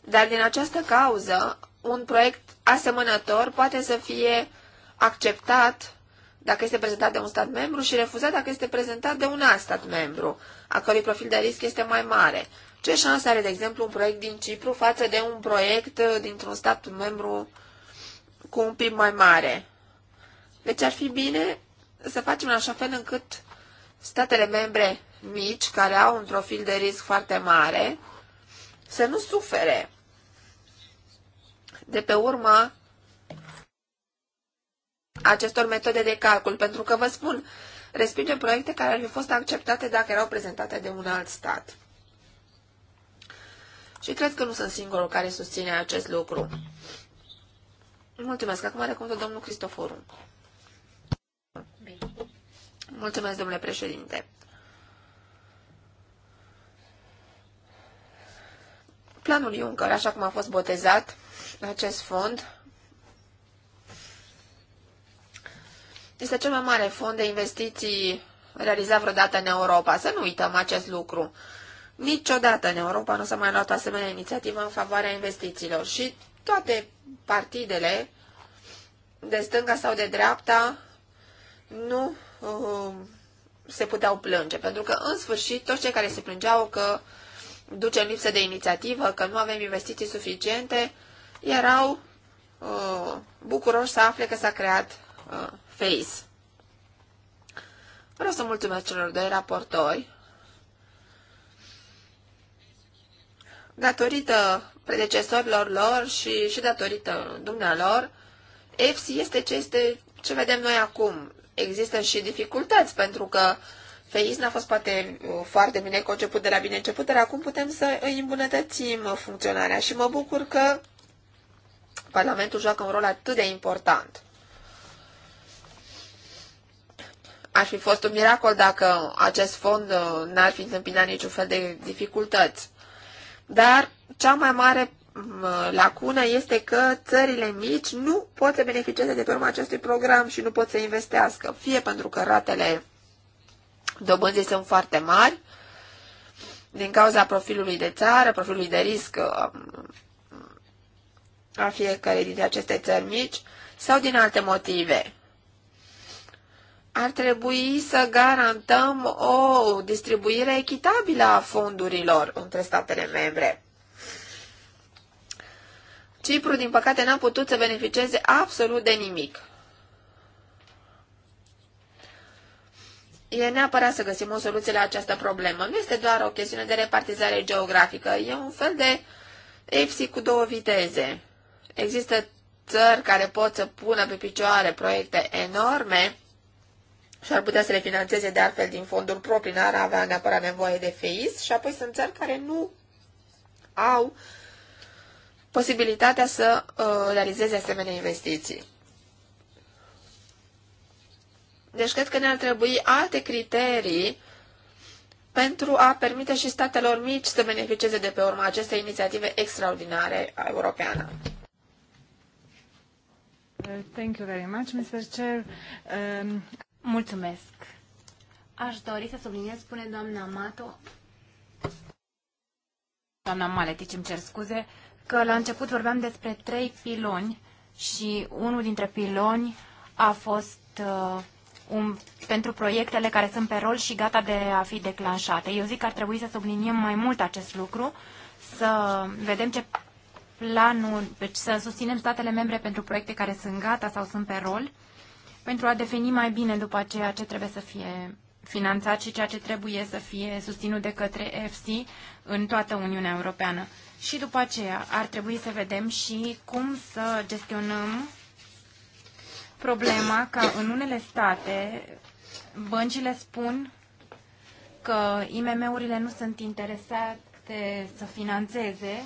Dar din această cauză, un proiect asemănător poate să fie acceptat dacă este prezentat de un stat membru și refuzat dacă este prezentat de un alt stat membru, a cărui profil de risc este mai mare. Ce șanse are, de exemplu, un proiect din Cipru față de un proiect uh, dintr-un stat membru cu un PIB mai mare? Deci ar fi bine să facem în așa fel încât statele membre mici, care au un profil de risc foarte mare, să nu sufere de pe urma acestor metode de calcul, pentru că vă spun, respingem proiecte care ar fi fost acceptate dacă erau prezentate de un alt stat. Și cred că nu sunt singurul care susține acest lucru. Mulțumesc. Acum are cuvântul domnul Cristoforu. Mulțumesc, domnule președinte. Planul Juncker, așa cum a fost botezat acest fond, este cel mai mare fond de investiții realizat vreodată în Europa. Să nu uităm acest lucru. Niciodată în Europa nu s-a mai luat o asemenea inițiativă în favoarea investițiilor și toate partidele de stânga sau de dreapta nu uh, se puteau plânge, pentru că în sfârșit toți cei care se plângeau că ducem lipsă de inițiativă, că nu avem investiții suficiente, erau uh, bucuroși să afle că s-a creat uh, FACE. Vreau să mulțumesc celor doi raportori datorită predecesorilor lor și, și datorită dumnealor, EFSI este ce, este ce vedem noi acum. Există și dificultăți, pentru că FEIS n-a fost poate uh, foarte bine conceput de la bine început, dar acum putem să îi îmbunătățim uh, funcționarea și mă bucur că Parlamentul joacă un rol atât de important. Ar fi fost un miracol dacă acest fond uh, n-ar fi întâmpinat niciun fel de dificultăți. Dar cea mai mare lacună este că țările mici nu pot să beneficieze de pe urma acestui program și nu pot să investească, fie pentru că ratele dobânzii sunt foarte mari, din cauza profilului de țară, profilului de risc um, a fiecare dintre aceste țări mici, sau din alte motive ar trebui să garantăm o distribuire echitabilă a fondurilor între statele membre. Cipru, din păcate, n-a putut să beneficieze absolut de nimic. E neapărat să găsim o soluție la această problemă. Nu este doar o chestiune de repartizare geografică, e un fel de EFSI cu două viteze. Există țări care pot să pună pe picioare proiecte enorme, și ar putea să le financeze de altfel din fonduri proprii, n-ar avea neapărat nevoie de FEIS și apoi sunt țări care nu au posibilitatea să uh, realizeze asemenea investiții. Deci cred că ne-ar trebui alte criterii pentru a permite și statelor mici să beneficieze de pe urma acestei inițiative extraordinare europeană. Thank you very much, Mr. Chair. Um... Mulțumesc. Aș dori să subliniez, spune doamna Mato, doamna Maletici, îmi cer scuze, că la început vorbeam despre trei piloni și unul dintre piloni a fost uh, un, pentru proiectele care sunt pe rol și gata de a fi declanșate. Eu zic că ar trebui să subliniem mai mult acest lucru, să vedem ce planul, deci să susținem statele membre pentru proiecte care sunt gata sau sunt pe rol pentru a defini mai bine după ceea ce trebuie să fie finanțat și ceea ce trebuie să fie susținut de către EFSI în toată Uniunea Europeană. Și după aceea ar trebui să vedem și cum să gestionăm problema ca în unele state băncile spun că IMM-urile nu sunt interesate să financeze,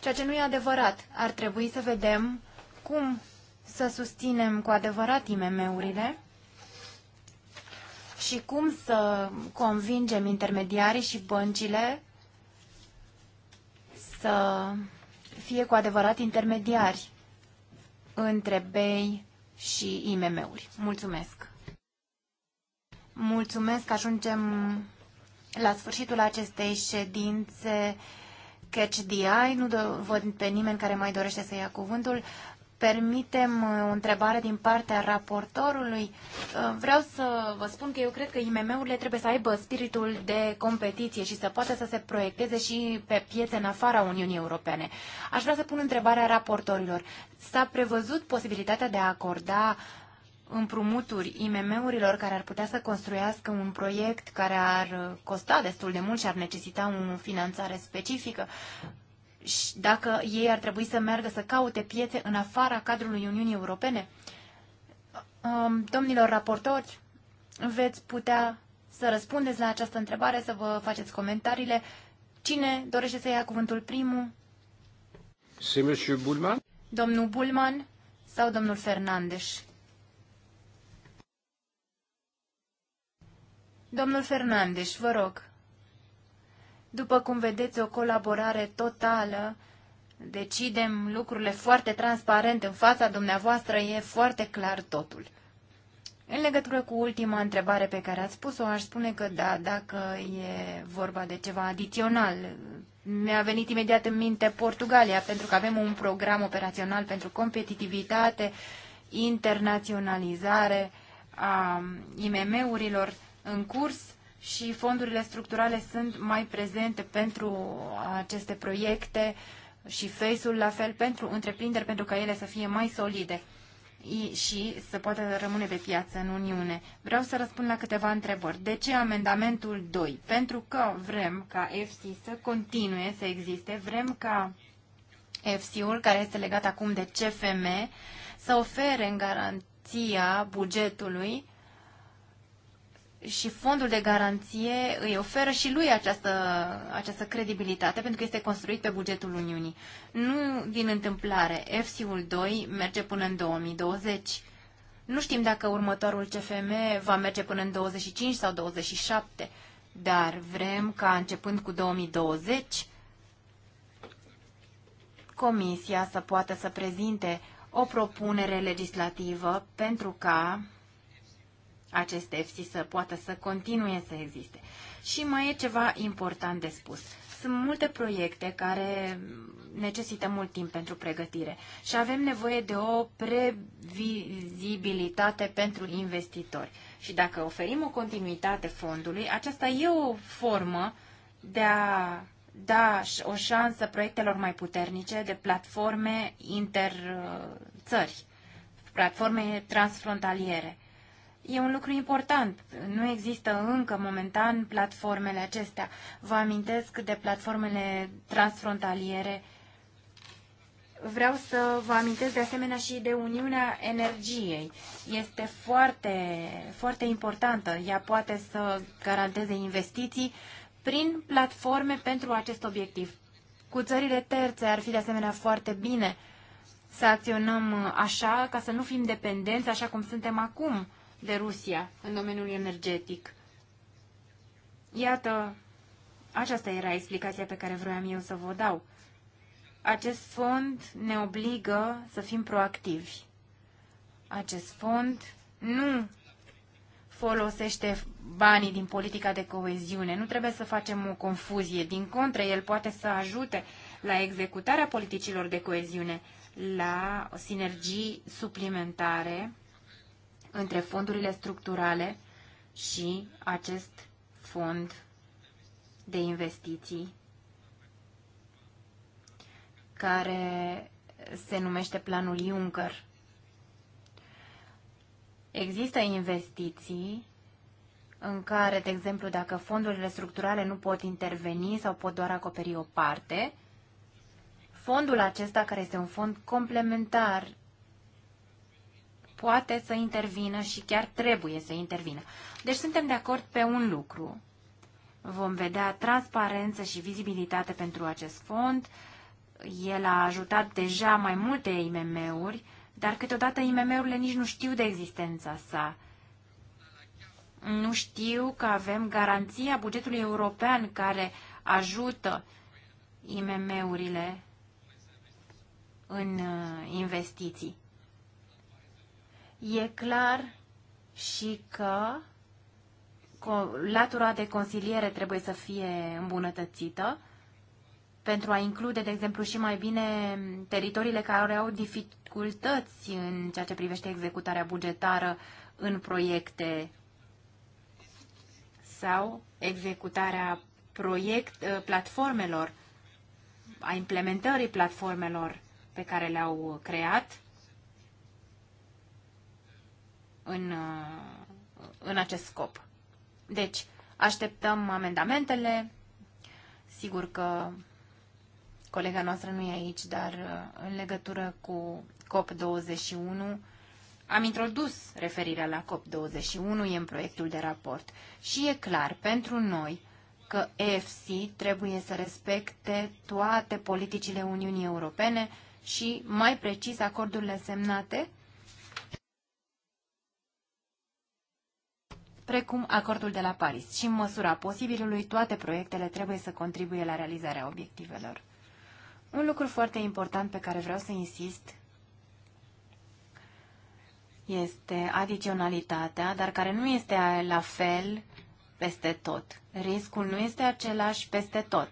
ceea ce nu e adevărat. Ar trebui să vedem cum să susținem cu adevărat IMM-urile și cum să convingem intermediarii și băncile să fie cu adevărat intermediari între bei și IMM-uri. Mulțumesc! Mulțumesc! Ajungem la sfârșitul acestei ședințe Catch the Eye. Nu văd pe nimeni care mai dorește să ia cuvântul permitem uh, o întrebare din partea raportorului, uh, vreau să vă spun că eu cred că IMM-urile trebuie să aibă spiritul de competiție și să poată să se proiecteze și pe piețe în afara Uniunii Europene. Aș vrea să pun întrebarea raportorilor. S-a prevăzut posibilitatea de a acorda împrumuturi IMM-urilor care ar putea să construiască un proiect care ar costa destul de mult și ar necesita o finanțare specifică și dacă ei ar trebui să meargă să caute piețe în afara cadrului Uniunii Europene. Um, domnilor raportori, veți putea să răspundeți la această întrebare, să vă faceți comentariile. Cine dorește să ia cuvântul primul? Monsieur Bulman? Domnul Bulman sau domnul Fernandes? Domnul Fernandes, vă rog. După cum vedeți, o colaborare totală, decidem lucrurile foarte transparent în fața dumneavoastră, e foarte clar totul. În legătură cu ultima întrebare pe care ați spus-o, aș spune că da, dacă e vorba de ceva adițional. Mi-a venit imediat în minte Portugalia, pentru că avem un program operațional pentru competitivitate, internaționalizare a IMM-urilor în curs și fondurile structurale sunt mai prezente pentru aceste proiecte și face-ul la fel pentru întreprinderi, pentru ca ele să fie mai solide și să poată rămâne pe piață în Uniune. Vreau să răspund la câteva întrebări. De ce amendamentul 2? Pentru că vrem ca FC să continue să existe, vrem ca fc ul care este legat acum de CFM, să ofere în garanția bugetului și fondul de garanție îi oferă și lui această, această credibilitate, pentru că este construit pe bugetul Uniunii. Nu din întâmplare, FC-ul 2 merge până în 2020. Nu știm dacă următorul CFM va merge până în 25 sau 27, dar vrem ca începând cu 2020 Comisia să poată să prezinte o propunere legislativă pentru ca acest EFSI să poată să continue să existe. Și mai e ceva important de spus. Sunt multe proiecte care necesită mult timp pentru pregătire și avem nevoie de o previzibilitate pentru investitori. Și dacă oferim o continuitate fondului, aceasta e o formă de a da o șansă proiectelor mai puternice de platforme interțări, ă, platforme transfrontaliere. E un lucru important. Nu există încă momentan platformele acestea. Vă amintesc de platformele transfrontaliere. Vreau să vă amintesc de asemenea și de Uniunea Energiei. Este foarte, foarte importantă. Ea poate să garanteze investiții prin platforme pentru acest obiectiv. Cu țările terțe ar fi de asemenea foarte bine să acționăm așa, ca să nu fim dependenți așa cum suntem acum de Rusia în domeniul energetic. Iată, aceasta era explicația pe care vroiam eu să vă dau. Acest fond ne obligă să fim proactivi. Acest fond nu folosește banii din politica de coeziune. Nu trebuie să facem o confuzie. Din contră, el poate să ajute la executarea politicilor de coeziune, la sinergii suplimentare între fondurile structurale și acest fond de investiții care se numește planul Juncker. Există investiții în care, de exemplu, dacă fondurile structurale nu pot interveni sau pot doar acoperi o parte, fondul acesta, care este un fond complementar poate să intervină și chiar trebuie să intervină. Deci suntem de acord pe un lucru. Vom vedea transparență și vizibilitate pentru acest fond. El a ajutat deja mai multe IMM-uri, dar câteodată IMM-urile nici nu știu de existența sa. Nu știu că avem garanția bugetului european care ajută IMM-urile în uh, investiții. E clar și că latura de consiliere trebuie să fie îmbunătățită pentru a include, de exemplu, și mai bine teritoriile care au dificultăți în ceea ce privește executarea bugetară în proiecte sau executarea proiect, ă, platformelor, a implementării platformelor pe care le-au creat în, uh, în acest scop. Deci, așteptăm amendamentele. Sigur că colega noastră nu e aici, dar uh, în legătură cu COP21 am introdus referirea la COP21, e în proiectul de raport. Și e clar pentru noi că EFC trebuie să respecte toate politicile Uniunii Europene și, mai precis, acordurile semnate precum acordul de la Paris și, în măsura posibilului, toate proiectele trebuie să contribuie la realizarea obiectivelor. Un lucru foarte important pe care vreau să insist este adiționalitatea, dar care nu este la fel peste tot. Riscul nu este același peste tot.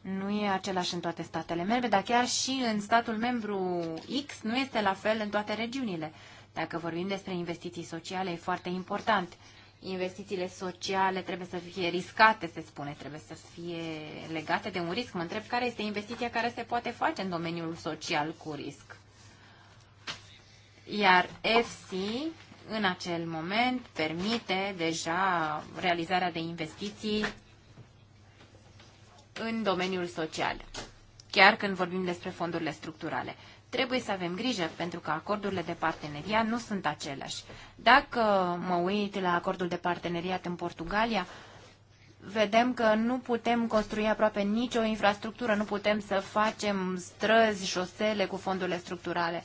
Nu e același în toate statele membre, dar chiar și în statul membru X nu este la fel în toate regiunile. Dacă vorbim despre investiții sociale, e foarte important investițiile sociale trebuie să fie riscate, se spune, trebuie să fie legate de un risc. Mă întreb care este investiția care se poate face în domeniul social cu risc. Iar FC în acel moment permite deja realizarea de investiții în domeniul social, chiar când vorbim despre fondurile structurale trebuie să avem grijă pentru că acordurile de parteneriat nu sunt aceleași. Dacă mă uit la acordul de parteneriat în Portugalia, vedem că nu putem construi aproape nicio infrastructură, nu putem să facem străzi, șosele cu fondurile structurale.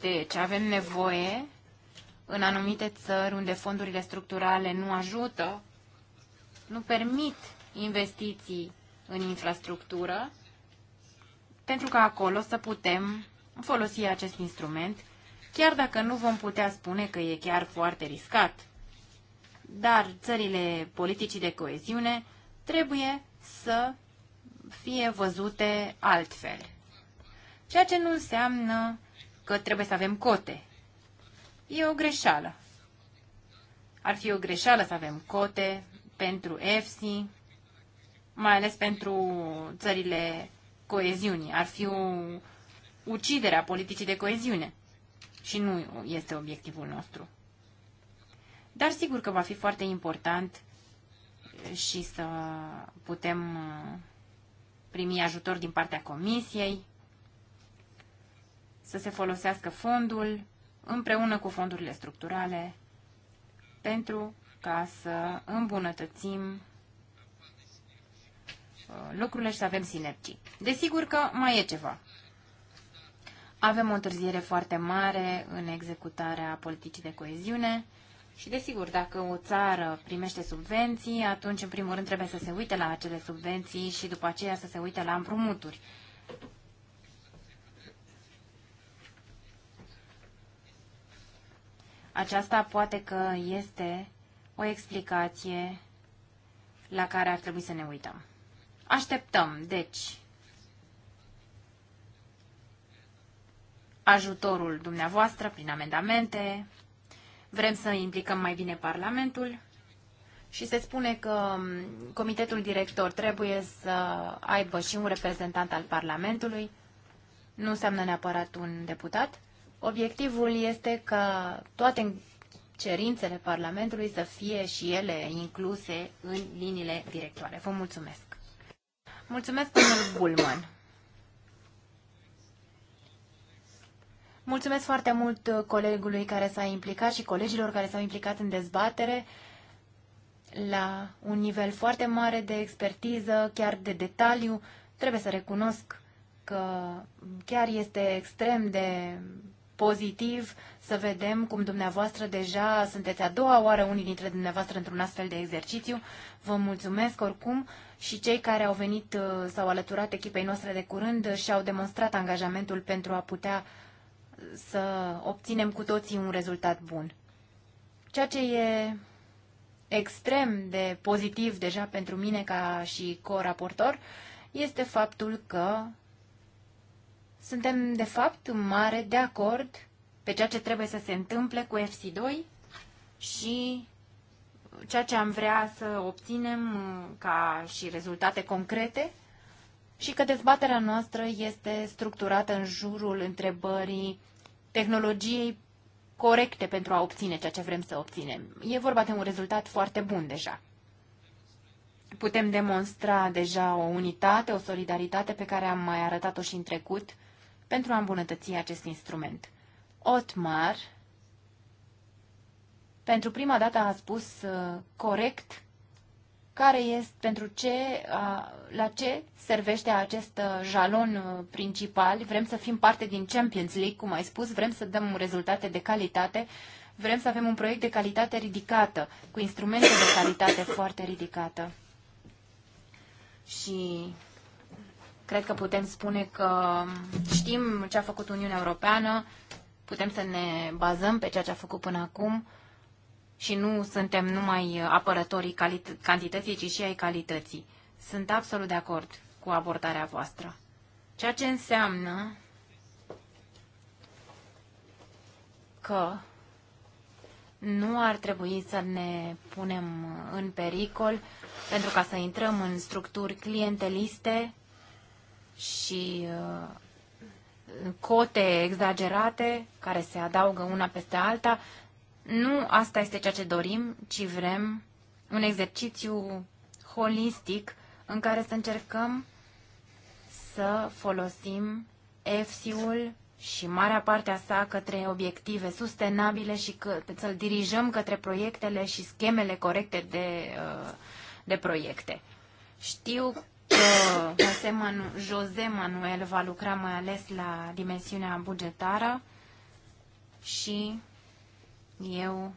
Deci avem nevoie în anumite țări unde fondurile structurale nu ajută, nu permit investiții în infrastructură, pentru că acolo să putem folosi acest instrument, chiar dacă nu vom putea spune că e chiar foarte riscat. Dar țările politicii de coeziune trebuie să fie văzute altfel. Ceea ce nu înseamnă că trebuie să avem cote. E o greșeală. Ar fi o greșeală să avem cote pentru EFSI, mai ales pentru țările coeziunii. Ar fi o ucidere a politicii de coeziune. Și nu este obiectivul nostru. Dar sigur că va fi foarte important eh, și să putem eh, primi ajutor din partea Comisiei, să se folosească fondul împreună cu fondurile structurale pentru ca să îmbunătățim Uh, lucrurile și să avem sinergii. Desigur că mai e ceva. Avem o întârziere foarte mare în executarea politicii de coeziune și, desigur, dacă o țară primește subvenții, atunci, în primul rând, trebuie să se uite la acele subvenții și după aceea să se uite la împrumuturi. Aceasta poate că este o explicație la care ar trebui să ne uităm. Așteptăm, deci, ajutorul dumneavoastră prin amendamente, vrem să implicăm mai bine Parlamentul și se spune că comitetul director trebuie să aibă și un reprezentant al Parlamentului, nu înseamnă neapărat un deputat. Obiectivul este ca toate cerințele Parlamentului să fie și ele incluse în liniile directoare. Vă mulțumesc! Mulțumesc, domnul Bulman. Mulțumesc foarte mult colegului care s-a implicat și colegilor care s-au implicat în dezbatere la un nivel foarte mare de expertiză, chiar de detaliu. Trebuie să recunosc că chiar este extrem de pozitiv să vedem cum dumneavoastră deja sunteți a doua oară unii dintre dumneavoastră într-un astfel de exercițiu. Vă mulțumesc oricum și cei care au venit, uh, sau au alăturat echipei noastre de curând și-au demonstrat angajamentul pentru a putea uh, să obținem cu toții un rezultat bun. Ceea ce e extrem de pozitiv deja pentru mine ca și co-raportor este faptul că suntem, de fapt, în mare de acord pe ceea ce trebuie să se întâmple cu FC2 și ceea ce am vrea să obținem uh, ca și rezultate concrete și că dezbaterea noastră este structurată în jurul întrebării tehnologiei corecte pentru a obține ceea ce vrem să obținem. E vorba de un rezultat foarte bun deja. Putem demonstra deja o unitate, o solidaritate pe care am mai arătat-o și în trecut pentru a îmbunătăți acest instrument. Otmar, pentru prima dată a spus uh, corect care este, pentru ce, uh, la ce servește acest uh, jalon uh, principal. Vrem să fim parte din Champions League, cum ai spus, vrem să dăm rezultate de calitate, vrem să avem un proiect de calitate ridicată, cu instrumente de calitate foarte ridicată. Și Cred că putem spune că știm ce a făcut Uniunea Europeană, putem să ne bazăm pe ceea ce a făcut până acum și nu suntem numai apărătorii cantității, ci și ai calității. Sunt absolut de acord cu abordarea voastră. Ceea ce înseamnă că nu ar trebui să ne punem în pericol pentru ca să intrăm în structuri clienteliste și uh, cote exagerate care se adaugă una peste alta. Nu asta este ceea ce dorim, ci vrem un exercițiu holistic în care să încercăm să folosim EFSI-ul și marea parte a sa către obiective sustenabile și că, să-l dirijăm către proiectele și schemele corecte de, uh, de proiecte. Știu José Manuel va lucra mai ales la dimensiunea bugetară și eu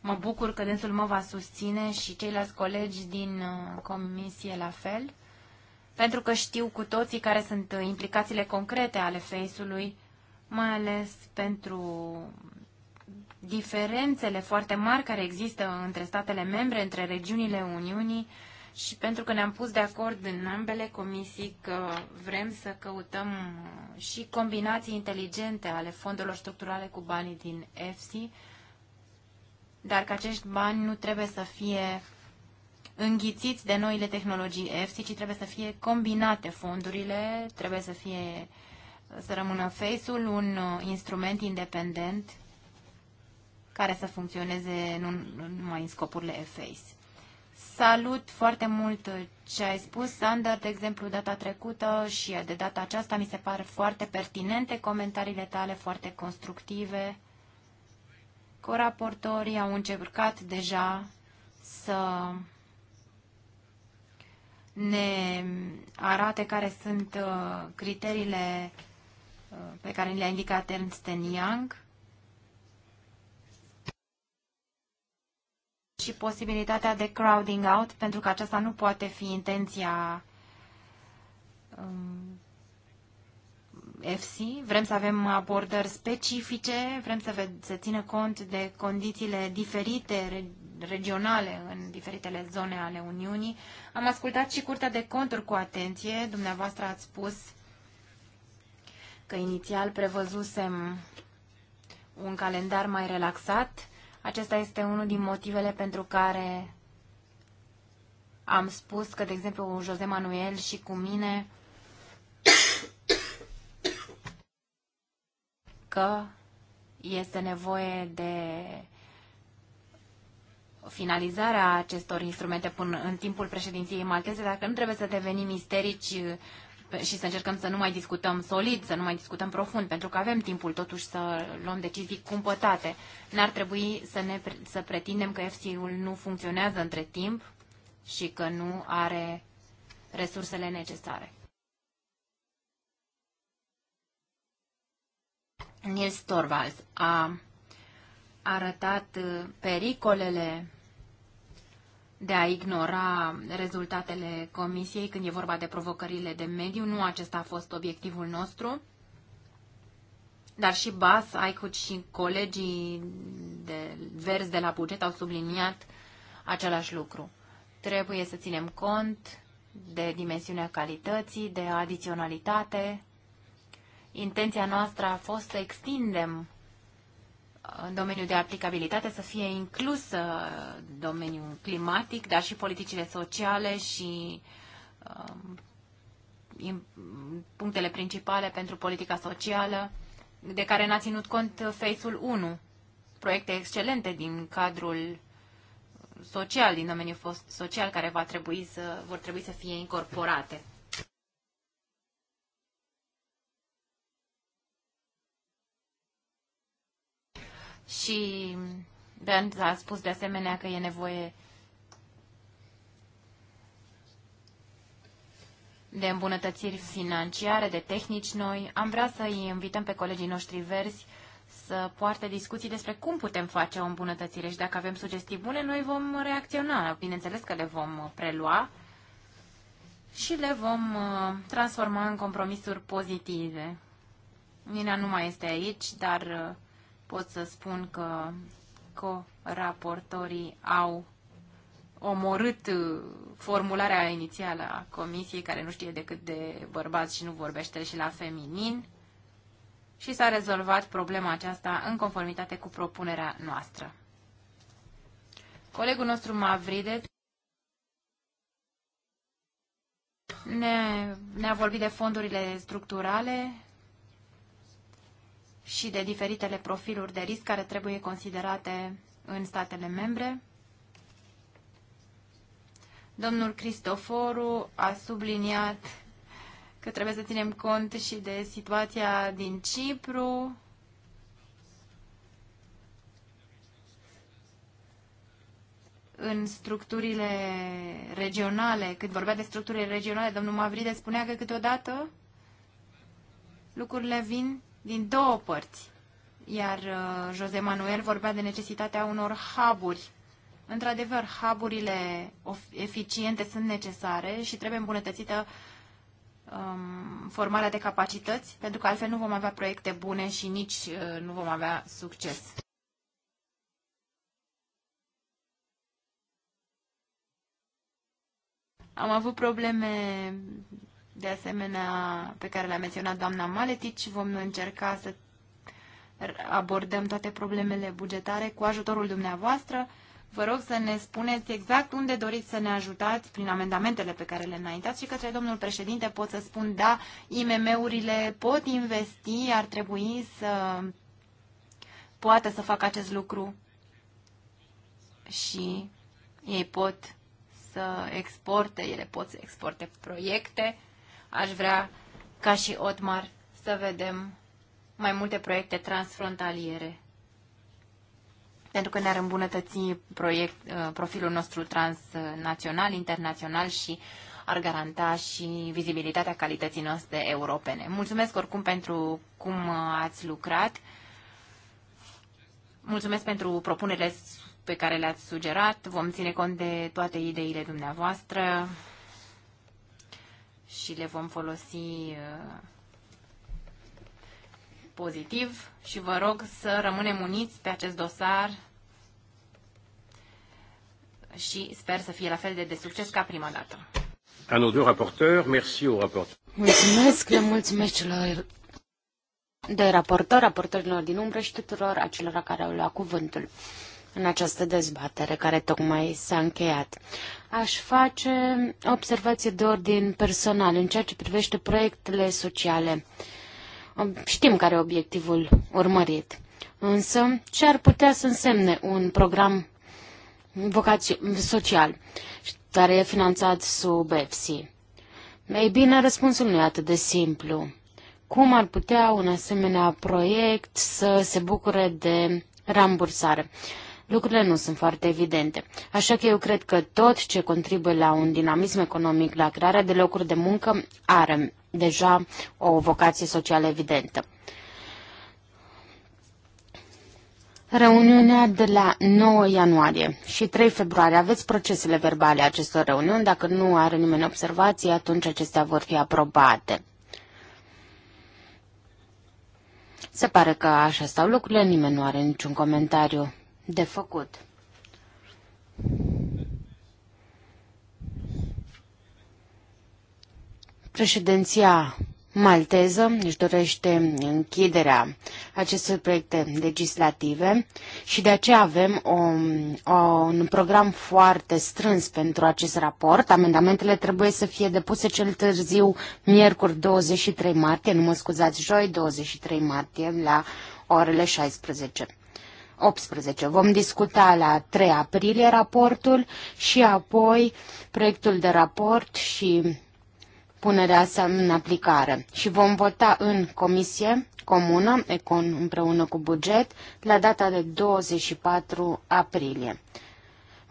mă bucur că dânsul mă va susține și ceilalți colegi din uh, comisie la fel, pentru că știu cu toții care sunt implicațiile concrete ale Face-ului, mai ales pentru diferențele foarte mari care există între statele membre, între regiunile Uniunii, și pentru că ne-am pus de acord în ambele comisii că vrem să căutăm și combinații inteligente ale fondurilor structurale cu banii din EFSI, dar că acești bani nu trebuie să fie înghițiți de noile tehnologii EFSI, ci trebuie să fie combinate fondurile, trebuie să fie să rămână FACE-ul un uh, instrument independent care să funcționeze nu numai în scopurile FACE. Salut foarte mult ce ai spus, Sander, de exemplu, data trecută și de data aceasta mi se par foarte pertinente comentariile tale, foarte constructive. Coraportorii au încercat deja să ne arate care sunt uh, criteriile uh, pe care le-a indicat Ernst Young și posibilitatea de crowding out, pentru că aceasta nu poate fi intenția um, FC. Vrem să avem abordări specifice, vrem să, să țină cont de condițiile diferite, re- regionale, în diferitele zone ale Uniunii. Am ascultat și Curtea de Conturi cu atenție. Dumneavoastră ați spus că inițial prevăzusem un calendar mai relaxat acesta este unul din motivele pentru care am spus că, de exemplu, Jose Manuel și cu mine că este nevoie de finalizarea acestor instrumente până în timpul președinției malteze, dacă nu trebuie să devenim isterici Păi, și să încercăm să nu mai discutăm solid, să nu mai discutăm profund, pentru că avem timpul totuși să luăm decizii cumpătate. N-ar trebui să, ne, să pretindem că FC-ul nu funcționează între timp și că nu are resursele necesare. Nils Torvalds a arătat uh, pericolele de a ignora rezultatele comisiei când e vorba de provocările de mediu. Nu acesta a fost obiectivul nostru. Dar și BAS, ICUT și colegii de verzi de la buget au subliniat același lucru. Trebuie să ținem cont de dimensiunea calității, de adiționalitate. Intenția noastră a fost să extindem în domeniul de aplicabilitate să fie inclus uh, domeniul climatic, dar și politicile sociale și um, punctele principale pentru politica socială, de care n-a ținut cont Face-ul 1, proiecte excelente din cadrul social, din domeniul social, care va trebui să, vor trebui să fie incorporate. și Bernd a spus de asemenea că e nevoie de îmbunătățiri financiare, de tehnici noi. Am vrea să îi invităm pe colegii noștri verzi să poarte discuții despre cum putem face o îmbunătățire și dacă avem sugestii bune, noi vom reacționa. Bineînțeles că le vom prelua și le vom uh, transforma în compromisuri pozitive. Nina nu mai este aici, dar uh, pot să spun că co-raportorii au omorât uh, formularea inițială a comisiei, care nu știe decât de bărbați și nu vorbește și la feminin, și s-a rezolvat problema aceasta în conformitate cu propunerea noastră. Colegul nostru Mavride ne, ne-a vorbit de fondurile structurale și de diferitele profiluri de risc care trebuie considerate în statele membre. Domnul Cristoforu a subliniat că trebuie să ținem cont și de situația din Cipru. În structurile regionale, când vorbea de structurile regionale, domnul Mavride spunea că câteodată lucrurile vin din două părți. Iar uh, Jose Manuel vorbea de necesitatea unor huburi. Într-adevăr, huburile eficiente sunt necesare și trebuie îmbunătățită um, formarea de capacități, pentru că altfel nu vom avea proiecte bune și nici uh, nu vom avea succes. Am avut probleme de asemenea pe care le-a menționat doamna Maletici. Vom încerca să abordăm toate problemele bugetare cu ajutorul dumneavoastră. Vă rog să ne spuneți exact unde doriți să ne ajutați prin amendamentele pe care le înaintați și către domnul președinte pot să spun da, IMM-urile pot investi, ar trebui să poată să facă acest lucru și ei pot să exporte, ele pot să exporte proiecte Aș vrea, ca și Otmar, să vedem mai multe proiecte transfrontaliere. Pentru că ne-ar îmbunătăți proiect, uh, profilul nostru transnațional, internațional și ar garanta și vizibilitatea calității noastre europene. Mulțumesc oricum pentru cum ați lucrat. Mulțumesc pentru propunerile pe care le-ați sugerat. Vom ține cont de toate ideile dumneavoastră și le vom folosi uh, pozitiv și vă rog să rămânem uniți pe acest dosar și sper să fie la fel de, de succes ca prima dată. A nos deux rapporteurs, merci au rapporteur. Mulțumesc, le mulțumesc celor de raportor, raportorilor din umbră și tuturor acelora care au luat cuvântul în această dezbatere care tocmai s-a încheiat. Aș face observație de ordin personal în ceea ce privește proiectele sociale. Știm care e obiectivul urmărit, însă ce ar putea să însemne un program social care e finanțat sub EFSI? Ei bine, răspunsul nu e atât de simplu. Cum ar putea un asemenea proiect să se bucure de rambursare? lucrurile nu sunt foarte evidente. Așa că eu cred că tot ce contribuie la un dinamism economic, la crearea de locuri de muncă, are deja o vocație socială evidentă. Reuniunea de la 9 ianuarie și 3 februarie. Aveți procesele verbale acestor reuniuni. Dacă nu are nimeni observații, atunci acestea vor fi aprobate. Se pare că așa stau lucrurile, nimeni nu are niciun comentariu de făcut. Președinția malteză își dorește închiderea acestor proiecte legislative și de aceea avem o, o, un program foarte strâns pentru acest raport. Amendamentele trebuie să fie depuse cel târziu miercuri 23 martie, nu mă scuzați, joi 23 martie la orele 16. 18. Vom discuta la 3 aprilie raportul și apoi proiectul de raport și punerea sa în aplicare. Și vom vota în comisie comună, Econ împreună cu buget, la data de 24 aprilie.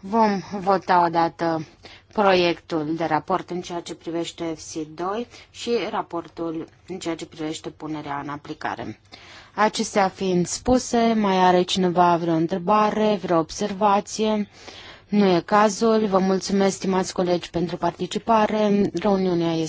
Vom vota odată proiectul de raport în ceea ce privește FC2 și raportul în ceea ce privește punerea în aplicare. Acestea fiind spuse, mai are cineva vreo întrebare, vreo observație? Nu e cazul. Vă mulțumesc, stimați colegi, pentru participare. Reuniunea este